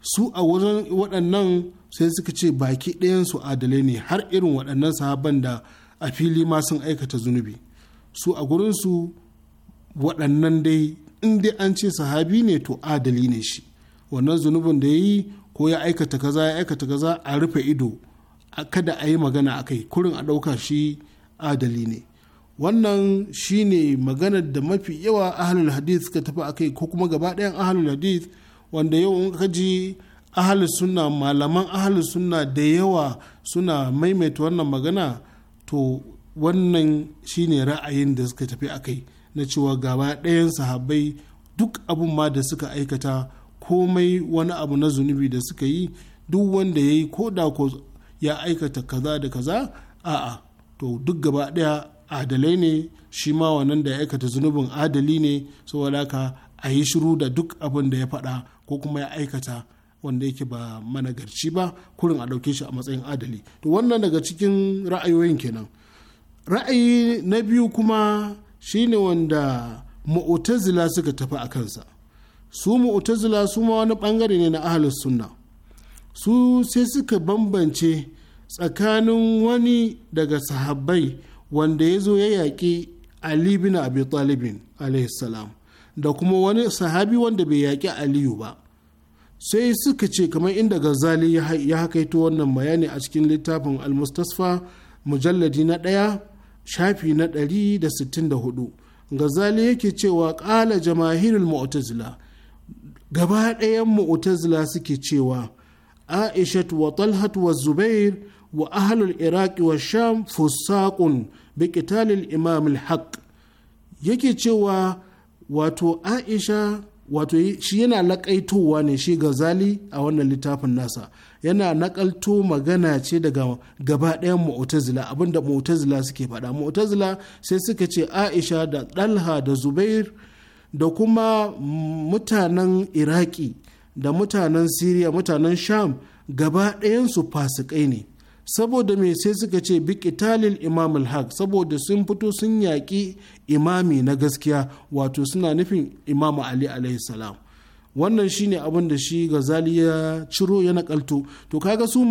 su a wurin waɗannan sai suka ce baki ɗayansu adalai ne har irin waɗannan sahaban da a fili ma sun aikata zunubi su a gurinsu waɗannan dai in dai an ce sahabi ne to adali ne shi wannan zunubin da ya yi ko ya aikata kaza ya aikata kaza a rufe ido kada a yi magana a kai kurin a ɗauka shi adali ne wannan shi ne maganar da mafi yawa ahalul hadith suka tafi a kai ko kuma gaba ɗayan ahalul hadith wanda yau in ka ji sunna malaman ahalul sunna da yawa suna maimaita wannan magana to wannan shine ra'ayin da suka tafi a kai na cewa gaba ɗayan sahabbai duk abun ma da suka aikata komai wani abu na zunubi da suka yi duk wanda ya yi ko da ko ya aikata kaza da kaza a'a to duk gaba ɗaya adalai ne shi ma wannan da ya aikata zunubin adali ne saboda haka a yi shiru da duk abin da ya faɗa ko kuma ya aikata wanda yake ba managarci ba kurin a ɗauke shi a matsayin adali to wannan daga cikin ra'ayoyin kenan ra'ayi na biyu kuma shine wanda mu'tazila suka tafi a kansa su mu'tazila su ma wani bangare ne na ahlus sunna su sai suka bambance tsakanin wani daga sahabbai wanda ya zo ya yaƙi ali bin abi talibin salam da kuma wani sahabi wanda bai yaƙi aliyu ba sai suka ce kamar inda gazali ya hakaito wannan bayani a cikin littafin almustasfa mujalladi na ɗaya shafi na ɗari 164 gazali yake cewa ƙala jamahirul mu'tazila gaba ɗayan mu'tazila suke cewa aishat wa talhat wa zubair wa ahlul iraq wa sham fusaqun bi qitalil imam al-haq yake cewa wato aisha wato shi yana laƙaitowa ne shi gazali a wannan littafin nasa yana naƙalto magana ce daga gaba ɗayan mu'tazila abinda mu'tazila suke faɗa mu'tazila sai suka ce aisha da ɗalha da zubair da kuma mutanen iraki da mutanen siriya mutanen sham gaba su fasikai ne saboda mai sai suka ce bi italil imam alhaq saboda sun fito sun yaƙi imami na gaskiya wato suna nufin imamu ali alaihi salam wannan shine abin da shi gazali ya ciro ya nakalto to kaga su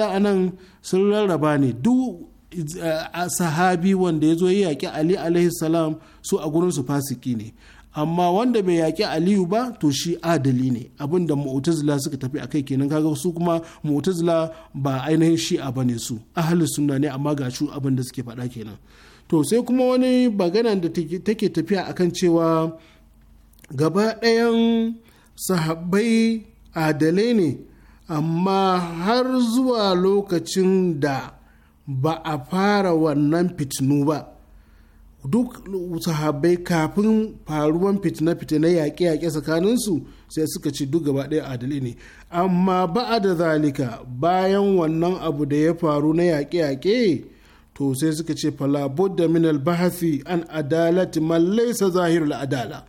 a nan sun rarraba ne duk eh, sahabi wanda ya zo ya yaƙi ali alaihi salam su a gurin su fasiki ne amma wanda bai yaƙi aliyu ba to shi adali ne abinda mu'tazila suka tafi akai kenan kaga su kuma mu'tazila ba ainihin shi'a bane su ahli sunna ne amma ga shu abin suke faɗa kenan to sai kuma wani bagana da take tafiya akan cewa gaba ɗayan sahabbai adalai ne amma har zuwa lokacin da ba a fara wannan fitinu ba duk sahabbai kafin faruwan fitina-fitina yaƙe-yaƙe tsakaninsu sai suka ci duk gaba ɗaya adali ne amma ba'a da zalika bayan wannan abu da ya faru na yaƙe-yaƙe to sai suka ce falabud da minal bahasi an adalati mallaisa zahirul adala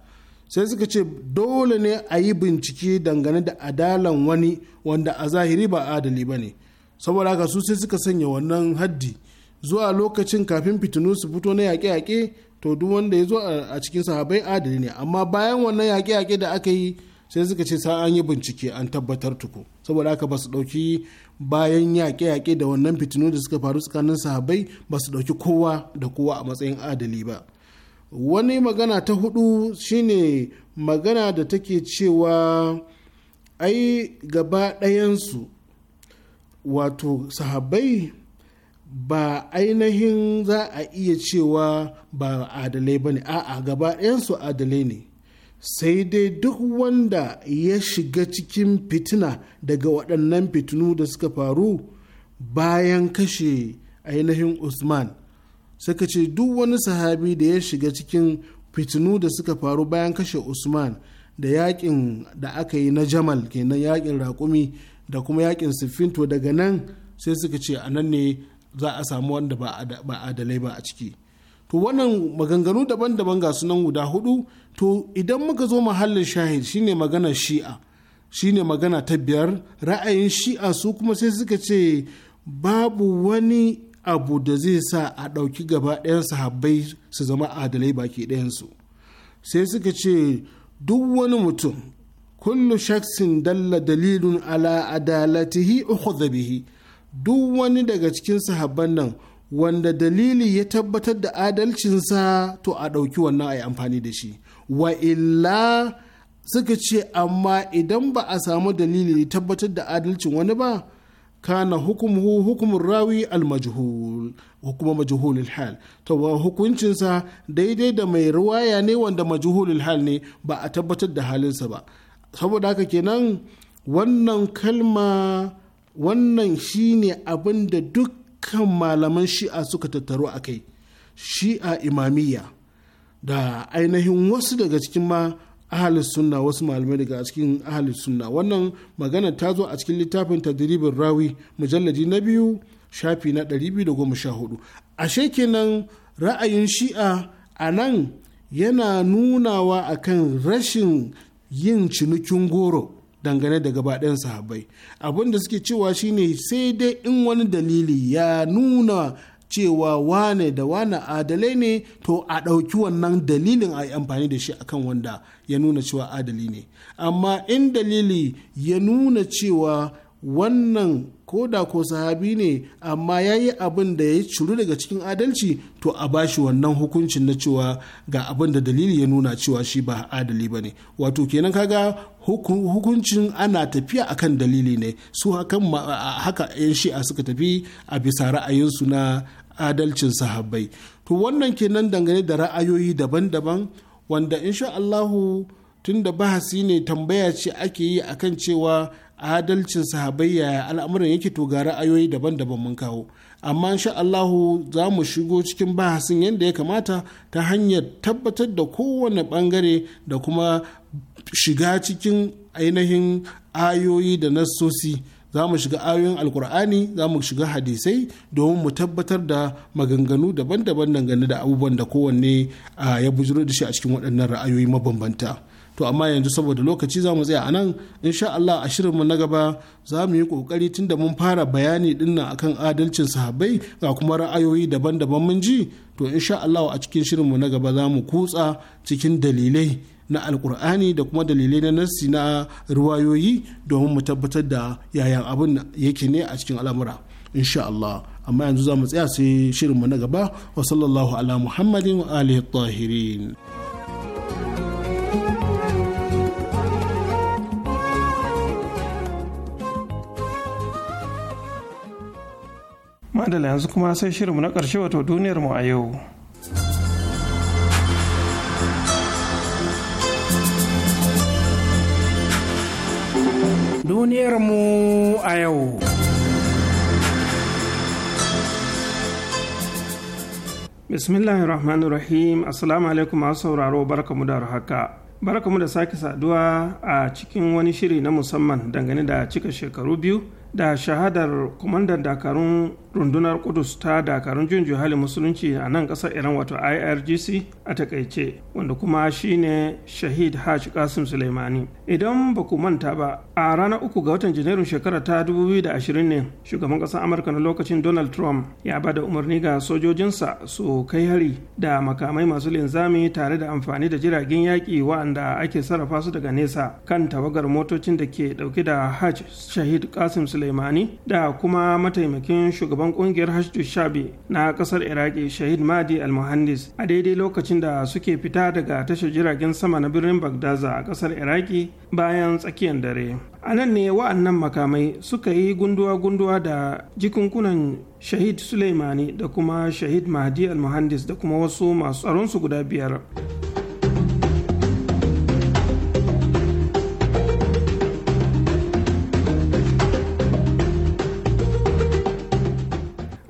sai suka ce dole ne a yi bincike dangane da adalan wani wanda a zahiri ba adali ba ne saboda haka su sai suka sanya wannan haddi zuwa lokacin kafin fitinu su fito na yaƙe-yaƙe to duk wanda ya zo a cikin sahabai adali ne amma bayan wannan yaƙe-yaƙe da aka yi sai suka ce sa an yi bincike an tabbatar tuku saboda haka ba su ɗauki bayan yaƙe-yaƙe da wannan fitinu da suka faru tsakanin sahabai ba su ɗauki kowa da kowa a matsayin adali ba wani magana ta hudu shine magana da take cewa ai gaba su wato sahabai ba ainihin za a iya cewa ba adalai ba ne a'a gaba ɗayansu adalai ne sai dai duk wanda ya shiga cikin fitina daga waɗannan fitinu da suka faru bayan kashe ainihin usman suka ce duk wani sahabi da ya shiga cikin fitinu da suka faru bayan kashe usman da yakin da aka yi na jamal kenan yakin raƙumi da kuma yakin siffinto daga nan sai suka ce a nan ne za a samu wanda ba adalai ba a ciki to wannan maganganu daban-daban ga sunan guda hudu to idan muka zo mahallin shahid shine magana shi'a shine magana ta biyar ra'ayin shi'a su kuma sai suka ce babu wani abu da zai sa a ɗauki gaba ɗayan sahabbai su zama adalai baki ɗayansu sai suka ce duk wani mutum kullu shaksin dalla dalilun ala adalatihi ukhudha bihi duk wani daga cikin sahabban nan wanda dalili ya tabbatar da adalcinsa to a ɗauki wannan a yi amfani da shi wa illa suka ce amma idan ba a samu dalili ya tabbatar da adalcin wani ba kana hukumu hukumin rawi almajhul hukuma majhulul hal to ba hukuncinsa daidai da mai ruwaya ne wanda majhulul hal ne ba a tabbatar da halinsa ba saboda haka kenan wannan kalma wannan shine abin da dukkan malaman shi'a suka tattaru a kai shi'a imamiyya da ainihin wasu daga cikin ma ahalis sunna wasu malamai daga cikin ahalis sunna wannan magana ta zo a cikin littafin tadribin rawi mujalladi na biyu shafi na 214 ashe kenan ra'ayin shi'a a nan yana nunawa akan rashin yin cinikin goro dangane da gabaɗayan sahabbai abin da suke cewa shine sai dai in wani dalili ya nuna cewa wane da wane adalai ne to a ɗauki wannan dalilin a yi amfani da shi akan wanda ya nuna cewa adali ne amma in dalili ya nuna cewa wannan ko da ko sahabi ne amma ya yi abin da ya curu daga cikin adalci to a bashi wannan hukuncin na cewa ga abin da dalili ya nuna cewa shi ba adali ba ne wato kenan kaga hukuncin ana tafiya akan dalili ne su hakan haka 'yan shi'a suka tafi a bisa ra'ayinsu na adalcin sahabbai to wannan kenan dangane da ra'ayoyi daban-daban wanda insha Allahu tun da bahasi ne tambaya ce ake yi akan cewa adalcin sahabai yaya al'amuran yake to ga ra'ayoyi daban-daban mun kawo amma insha Allahu za mu shigo cikin bahasin yadda ya kamata ta hanyar tabbatar da kowane bangare da kuma shiga cikin ainihin ayoyi da nassosi za mu shiga ayoyin alkur'ani za mu shiga hadisai domin mu tabbatar da maganganu daban-daban dangane da abubuwan da kowanne ah, ya bujiro da shi a cikin waɗannan ra'ayoyi mabambanta. to amma yanzu saboda lokaci za mu tsaya a nan insha Allah a shirinmu na gaba za mu yi kokari tunda mun fara bayani dinnan akan adalcin sahabbai ga kuma ra'ayoyi daban-daban mun ji to insha Allah a cikin shirinmu na gaba za mu kutsa cikin dalilai na alkur'ani da kuma dalilai na nassi na ruwayoyi domin mu tabbatar da yayan abin yake ne a cikin al'amura insha Allah amma yanzu za mu tsaya sai shirinmu na gaba wa sallallahu ala muhammadin wa alihi tahirin madalla yanzu kuma sai shirinmu na ƙarshe wato duniyarmu a yau duniyarmu a yau rahim assalamu alaikum masu sauraro barkamu da haka barkamu da sake saduwa a cikin wani shiri na musamman dangane da cika shekaru biyu da shahadar kwamandan dakarun rundunar kudus ta dakarun jin halin musulunci a nan kasar iran wato irgc a takaice wanda kuma shine shahid hajj kasim suleimani idan ba ku manta ba a ranar uku ga watan janairun shekara ta 2020 ne shugaban kasar amurka na lokacin donald trump ya ba da umarni ga sojojinsa su kai hari da makamai masu linzami tare da amfani da jiragen yaƙi wa'anda ake sarrafa su daga nesa kan tawagar motocin da ke dauke da hajj shahid kasim Suleimani da kuma mataimakin shugaban kungiyar Hashdu Shabi na kasar Iraki Shahid Mahdi Al-Muhandis a daidai lokacin da suke fita daga tashar jiragen sama na birnin Bagdaza a kasar Iraki bayan tsakiyar dare. A nan ne wa'annan makamai suka yi gunduwa-gunduwa da jikunkunan Shahid Suleimani da kuma Shahid Mahdi Al-Muhandis da kuma wasu masu tsaronsu guda biyar.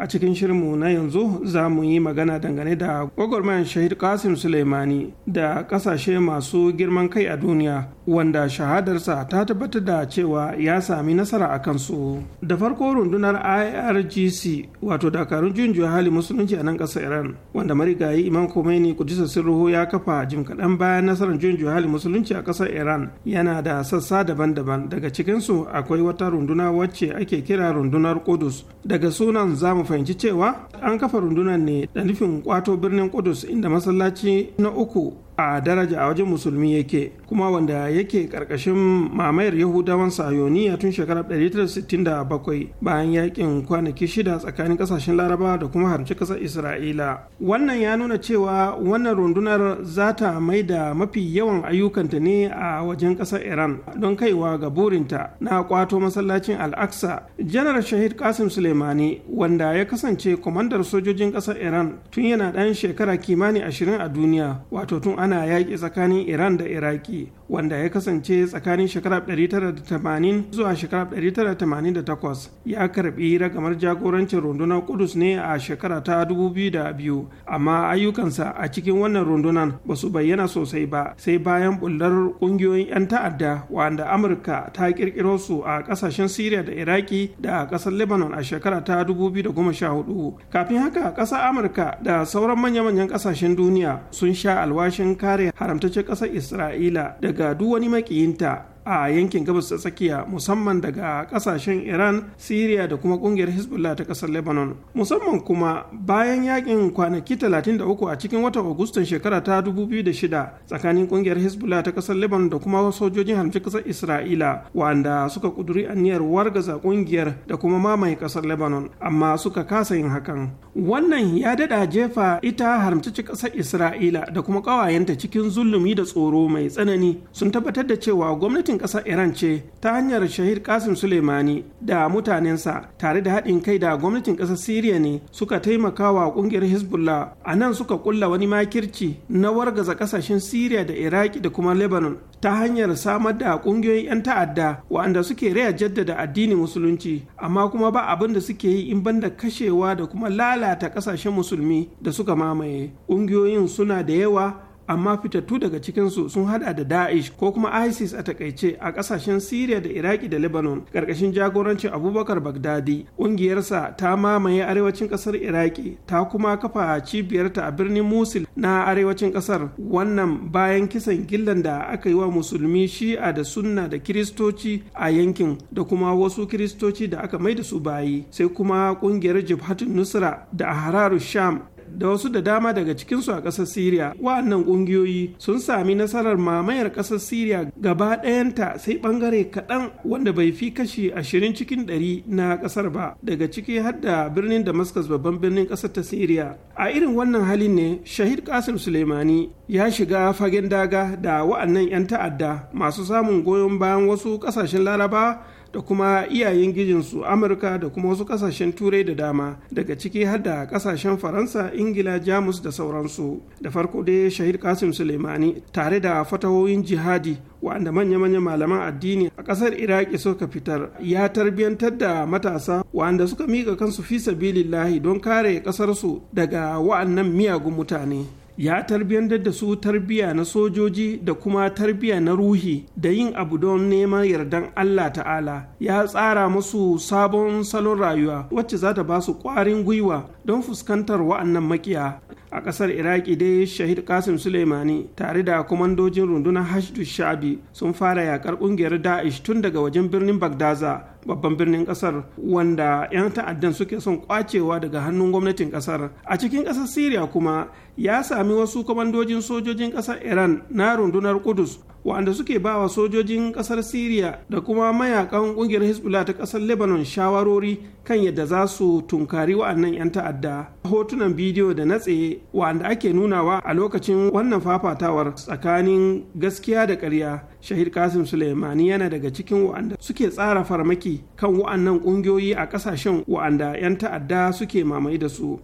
a cikin shirinmu na yanzu za mu yi magana dangane da gwagwarmayar shahid kasim suleimani da kasashe masu girman kai a duniya wanda shahadarsa ta tabbatar da cewa ya sami nasara a kansu da farko rundunar irgc wato dakarun juyin hali musulunci a nan ƙasar iran wanda marigayi imam khomeini kudisa sirruhu ya kafa jim kaɗan bayan nasarar juyin hali musulunci a ƙasar iran yana da sassa daban-daban daga cikinsu akwai wata runduna wacce ake kira rundunar kudus daga sunan za mu fahimci cewa an kafa rundunar ne da nufin kwato birnin kudus inda masallaci na uku a daraja a wajen musulmi yake kuma wanda yake karkashin mamayar yahudawan sayoniya tun shekarar 1967 bayan yakin kwanaki shida tsakanin kasashen laraba da kuma harci kasar isra'ila wannan ya nuna cewa wannan rundunar za ta mai da mafi yawan ayyukanta ne a wajen kasar iran don kaiwa ga burinta na kwato masallacin al-aqsa janar shahid kasim suleimani wanda ya kasance kwamandar sojojin kasar iran tun yana ɗan shekara kimanin ashirin a duniya wato tun ana yaƙi tsakanin iran da iraki wanda ya kasance tsakanin shekara 1980 zuwa shekara 1988 ya karbi ragamar jagorancin rundunar kudus ne a shekara ta 2002 amma ayyukansa a cikin wannan rundunar ba su bayyana sosai ba sai bayan bullar kungiyoyin 'yan ta'adda wanda amurka ta kirkiro su a kasashen syria da iraki da a kasar lebanon a shekara ta 2014 kafin haka kasar amurka da sauran manya-manyan kasashen duniya sun sha alwashin kare haramtaccen kasar isra'ila daga daga duk wani makiyinta a yankin gabas ta tsakiya musamman daga kasashen iran syria da kuma kungiyar hezbollah ta kasar lebanon musamman kuma bayan yakin kwanaki 33 a cikin watan agustan shekara ta 2006 tsakanin kungiyar hezbollah ta kasar lebanon da kuma sojojin hamshin kasar isra'ila wanda suka kuduri aniyar wargaza kungiyar da kuma mamaye kasar lebanon amma suka kasa yin hakan wannan ya dada jefa ita haramtacci kasar isra'ila da kuma kawayenta cikin zulumi da tsoro mai tsanani sun tabbatar da cewa gwamnatin gwamnatin ƙasar iran ce ta hanyar shahid kasim suleimani da mutanensa tare da haɗin kai da gwamnatin ƙasar siriya ne suka taimaka wa ƙungiyar hezbollah a nan suka kulla wani makirci na wargaza ƙasashen siriya da iraki da kuma lebanon ta hanyar samar da ƙungiyoyin 'yan ta'adda waɗanda suke raya jaddada addinin musulunci amma kuma ba abin da suke yi in banda kashewa da kuma lalata ƙasashen musulmi da suka mamaye ƙungiyoyin suna da yawa amma fitattu daga cikinsu sun hada da daesh ko kuma isis a takaice a kasashen syria da iraki da lebanon karkashin jagorancin abubakar bagdadi kungiyarsa ta mamaye arewacin kasar iraki ta kuma kafa cibiyarta a birnin musul na arewacin kasar wannan bayan kisan gillan da aka yi wa musulmi shi'a da sunna da kiristoci a yankin da kuma wasu kiristoci da aka mai da su bayi sai kuma kungiyar jibhatun nusra da hararu sham da wasu da dama daga cikinsu a ƙasar Siriya. Wa'annan ƙungiyoyi sun sami nasarar mamayar ƙasar Siriya gaba ɗayanta sai ɓangare kaɗan wanda bai fi kashi ashirin cikin ɗari na ƙasar ba daga ciki har da birnin Damascus babban birnin ƙasar ta Siriya. A irin wannan halin ne Shahid Qasim Suleimani ya shiga fagen daga da wa'annan 'yan ta'adda masu samun goyon bayan wasu ƙasashen larabawa da kuma iyayen gijinsu amurka da kuma wasu kasashen turai da dama daga ciki har da kasashen faransa ingila jamus da sauransu da farko dai shahid kasim suleimani tare da fatawoyin jihadi wa'anda manya-manya malaman addini a kasar iraki suka fitar ya tarbiyantar da matasa wa'anda suka miƙa kansu fi sabilillahi don kare kasarsu daga wa'annan miyagun mutane ya tarbiyantar da su tarbiya na sojoji da kuma tarbiya na ruhi da yin abu don neman yardan Allah ta'ala ya tsara masu sabon salon rayuwa wacce za ta ba su ƙwarin gwiwa don fuskantar wa'annan makiya a kasar iraki dai shahid kasim suleimani tare da kwamandojin rundunar hashdu shabi sun fara yakar kungiyar da'ish tun daga wajen birnin bagdaza babban birnin kasar wanda 'yan ta'addan suke son kwacewa daga hannun gwamnatin kasar a cikin kasar syria kuma ya sami wasu kwamandojin sojojin kasar iran na rundunar kudus waɗanda suke ba wa sojojin ƙasar siriya da kuma mayakan ƙungiyar hezbollah ta ƙasar lebanon shawarori kan yadda za su tunkari wa'annan 'yan ta'adda hotunan bidiyo da na tsaye waɗanda ake nunawa a lokacin wannan fafatawar tsakanin gaskiya da ƙarya shahid kasim suleimani yana daga cikin waɗanda suke tsara farmaki kan wa'annan ƙungiyoyi a ƙasashen waɗanda 'yan ta'adda suke mamaye da su.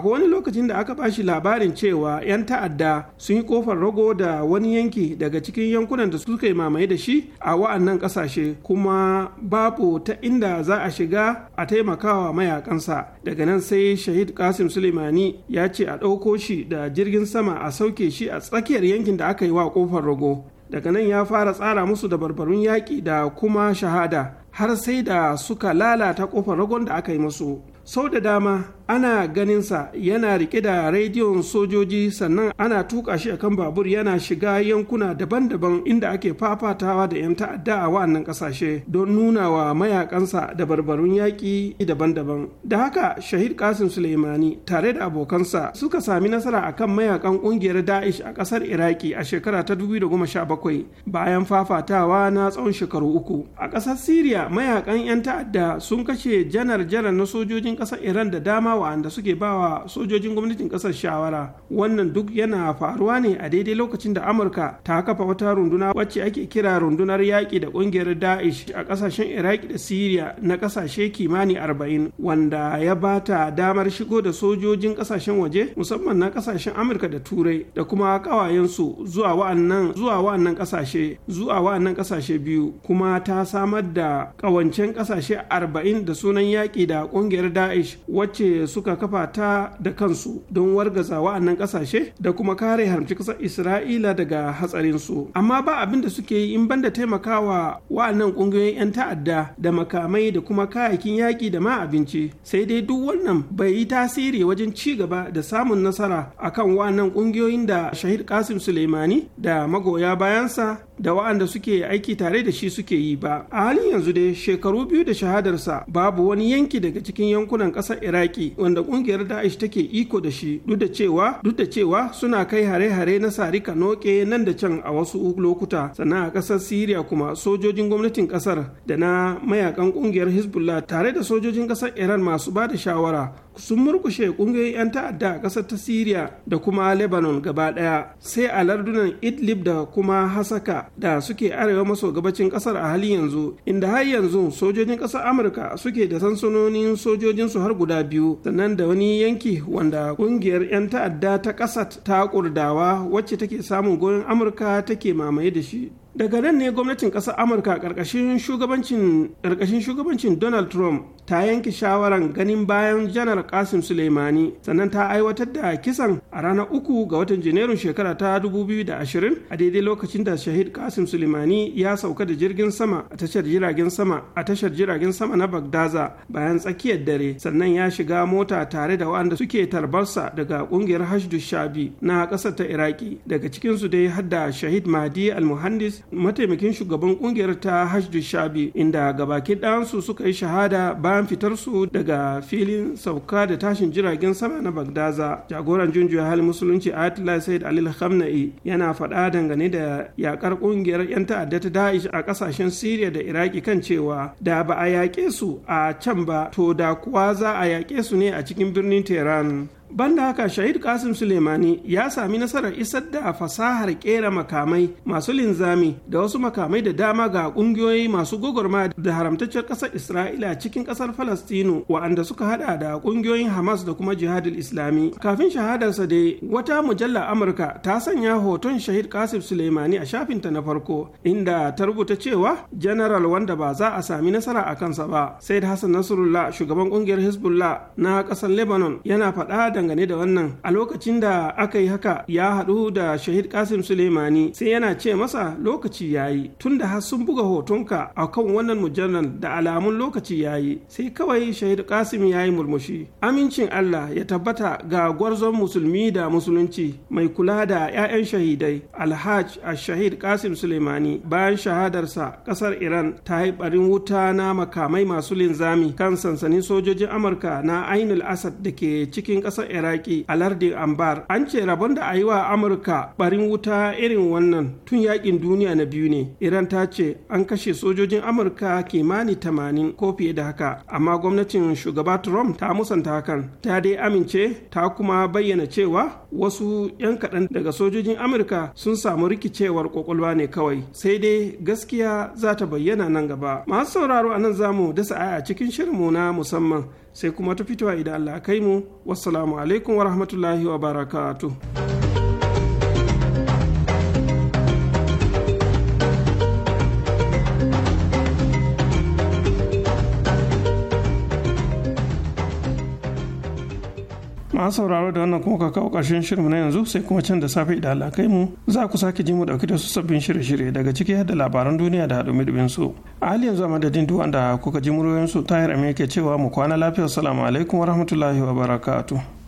akwai wani lokacin da aka bashi labarin cewa 'yan ta'adda sun yi kofar rago da wani yanki daga cikin yankunan da suka yi mamaye da shi a wa'annan kasashe kuma babu ta inda za a shiga a taimakawa mayakansa daga nan sai shahid kasim suleimani ya ce a ɗauko shi da jirgin sama a sauke shi a tsakiyar yankin da aka yi wa kofar rago daga nan ya fara tsara musu da barbarun yaƙi da kuma shahada har sai da suka lalata kofar ragon da aka yi musu sau da dama ana ganinsa yana rike da rediyon sojoji sannan ana tuka shi akan babur yana shiga yankuna daban-daban inda ake fafatawa da 'yan ta'adda a wa'annan kasashe don nuna wa mayakansa da barbarun yaƙi daban-daban da haka shahid kasim suleimani tare da abokansa suka sami nasara akan mayakan ƙungiyar da'ish a ƙasar iraki a shekara ta 2017 bayan fafatawa na tsawon shekaru uku a ƙasar siriya mayakan 'yan ta'adda sun kashe janar-janar na sojojin ƙasar iran da dama anda suke bawa sojojin gwamnatin ƙasar shawara wannan duk yana faruwa ne a daidai lokacin da amurka ta kafa wata runduna wacce ake kira rundunar yaƙi da ƙungiyar da'ish a ƙasashen iraki da siriya na ƙasashe kimani arba'in wanda ya ba ta damar shigo da sojojin ƙasashen waje musamman na ƙasashen amurka da turai da kuma ƙawayensu zuwa wa'annan zuwa wa'annan ƙasashe zuwa wa'annan ƙasashe biyu kuma ta samar da ƙawancen ƙasashe arba'in da sunan yaƙi da ƙungiyar da'ish wacce suka kafa ta da kansu don wargaza wa'annan kasashe da kuma kare haramci kasar isra'ila daga hatsarinsu amma ba abin da suke yi in banda taimakawa wa'annan kungiyoyin 'yan ta'adda da makamai da kuma kayakin yaƙi da ma abinci sai dai duk wannan bai yi tasiri wajen ci gaba da samun nasara akan wa'annan kungiyoyin da shahid kasim suleimani da magoya bayansa da wa'anda suke aiki tare da shi suke yi ba a halin yanzu dai shekaru biyu da shahadarsa babu wani yanki daga cikin yankunan ƙasar iraki wanda ƙungiyar da'ish take iko da shi duk da cewa duk da cewa suna kai hare-hare na sarika noke nan da can a wasu lokuta sannan a ƙasar siriya kuma sojojin gwamnatin ƙasar da na mayakan ƙungiyar hezbollah tare da sojojin ƙasar iran masu ba da shawara sun murkushe kungiyoyin 'yan ta'adda a ƙasar ta Siriya da kuma Lebanon gaba daya sai a lardunan Idlib da kuma Hasaka da suke arewa maso gabacin ƙasar a halin yanzu inda har yanzu sojojin ƙasar Amurka suke da sansanonin sojojinsu har guda biyu sannan da wani yanki wanda kungiyar 'yan ta'adda ta ƙasar ta kurdawa wacce take samun goyon Amurka take mamaye da shi. daga nan ne gwamnatin ƙasar amurka ƙarƙashin shugabancin donald trump ta yanke shawaran ganin bayan janar kasim suleimani sannan ta aiwatar da kisan a ranar uku ga watan janairun shekara ta 2020 a daidai lokacin da shahid kasim suleimani ya sauka da jirgin sama a tashar jiragen sama a tashar jiragen sama na bagdaza bayan tsakiyar dare sannan ya shiga mota tare da waɗanda suke tarbarsa daga ƙungiyar hashdu shabi na ƙasar ta iraki daga cikinsu dai hadda shahid mahdi al mataimakin shugaban kungiyar ta hajj shabi inda gabaki ɗansu suka yi shahada bayan fitar su daga filin sauka da tashin jiragen sama na bagdaza jagoran junjiyar hali musulunci ayatollah said alil khamna'i yana faɗa dangane da yakar kungiyar 'yan ta'adda ta da'ish a ƙasashen siriya da iraki kan cewa da ba a yaƙe su a can ba to da kuwa za a yaƙe su ne a cikin birnin tehran banda haka shahid kasim suleimani ya sami nasarar isar da fasahar kera makamai masu linzami da wasu makamai da dama ga kungiyoyi masu gogorma da haramtacciyar kasar isra'ila cikin kasar falastinu wa'anda suka hada da kungiyoyin hamas da kuma jihadul islami kafin shahadarsa dai wata mujallar amurka ta sanya hoton shahid kasim suleimani a shafinta na farko inda ta rubuta cewa general wanda ba za a sami nasara a kansa ba said hassan nasrullah shugaban kungiyar hezbollah na kasar lebanon yana faɗa da dangane da wannan a lokacin da aka yi haka ya haɗu da shahid kasim Sulemani, sai yana ce masa lokaci ya yi tun da har sun buga hotonka a kan wannan mujallar da alamun lokaci ya yi sai kawai shahid kasim ya yi murmushi amincin allah ya tabbata ga gwarzon musulmi da musulunci mai kula da 'ya'yan shahidai alhaj a shahid kasim suleimani bayan shahadarsa kasar iran ta yi barin wuta na makamai masu linzami kan sansanin sojojin amurka na ainul asad da ke cikin ƙasar iraki a ambar an ce rabon da a yi wa amurka barin wuta irin wannan tun yakin duniya na biyu ne iran ta ce an kashe sojojin amurka kimani tamanin ko fiye da haka amma gwamnatin shugaba trump ta musanta hakan ta dai amince ta kuma bayyana cewa wasu 'yan kaɗan daga sojojin amurka sun samu rikicewar kwakwalwa ne kawai sai dai gaskiya za ta bayyana nan gaba masu sauraro a nan zamu dasa aya cikin shirinmu na musamman sai kuma ta fitowa idan Allah kai mu wassalamu alaikum wa rahmatullahi wa barakatuh masu sauraro da wannan kuma ka kawo ƙarshen shirin na yanzu sai kuma can da safe da alakai mu za ku sake ji mu ɗauki da su sabbin shirye-shirye daga ciki har da labaran duniya da haɗu midubin su a hali yanzu a madadin duk wanda kuka ji muryoyin su tahir amin yake cewa mu kwana lafiya salamu alaikum wa barakatu.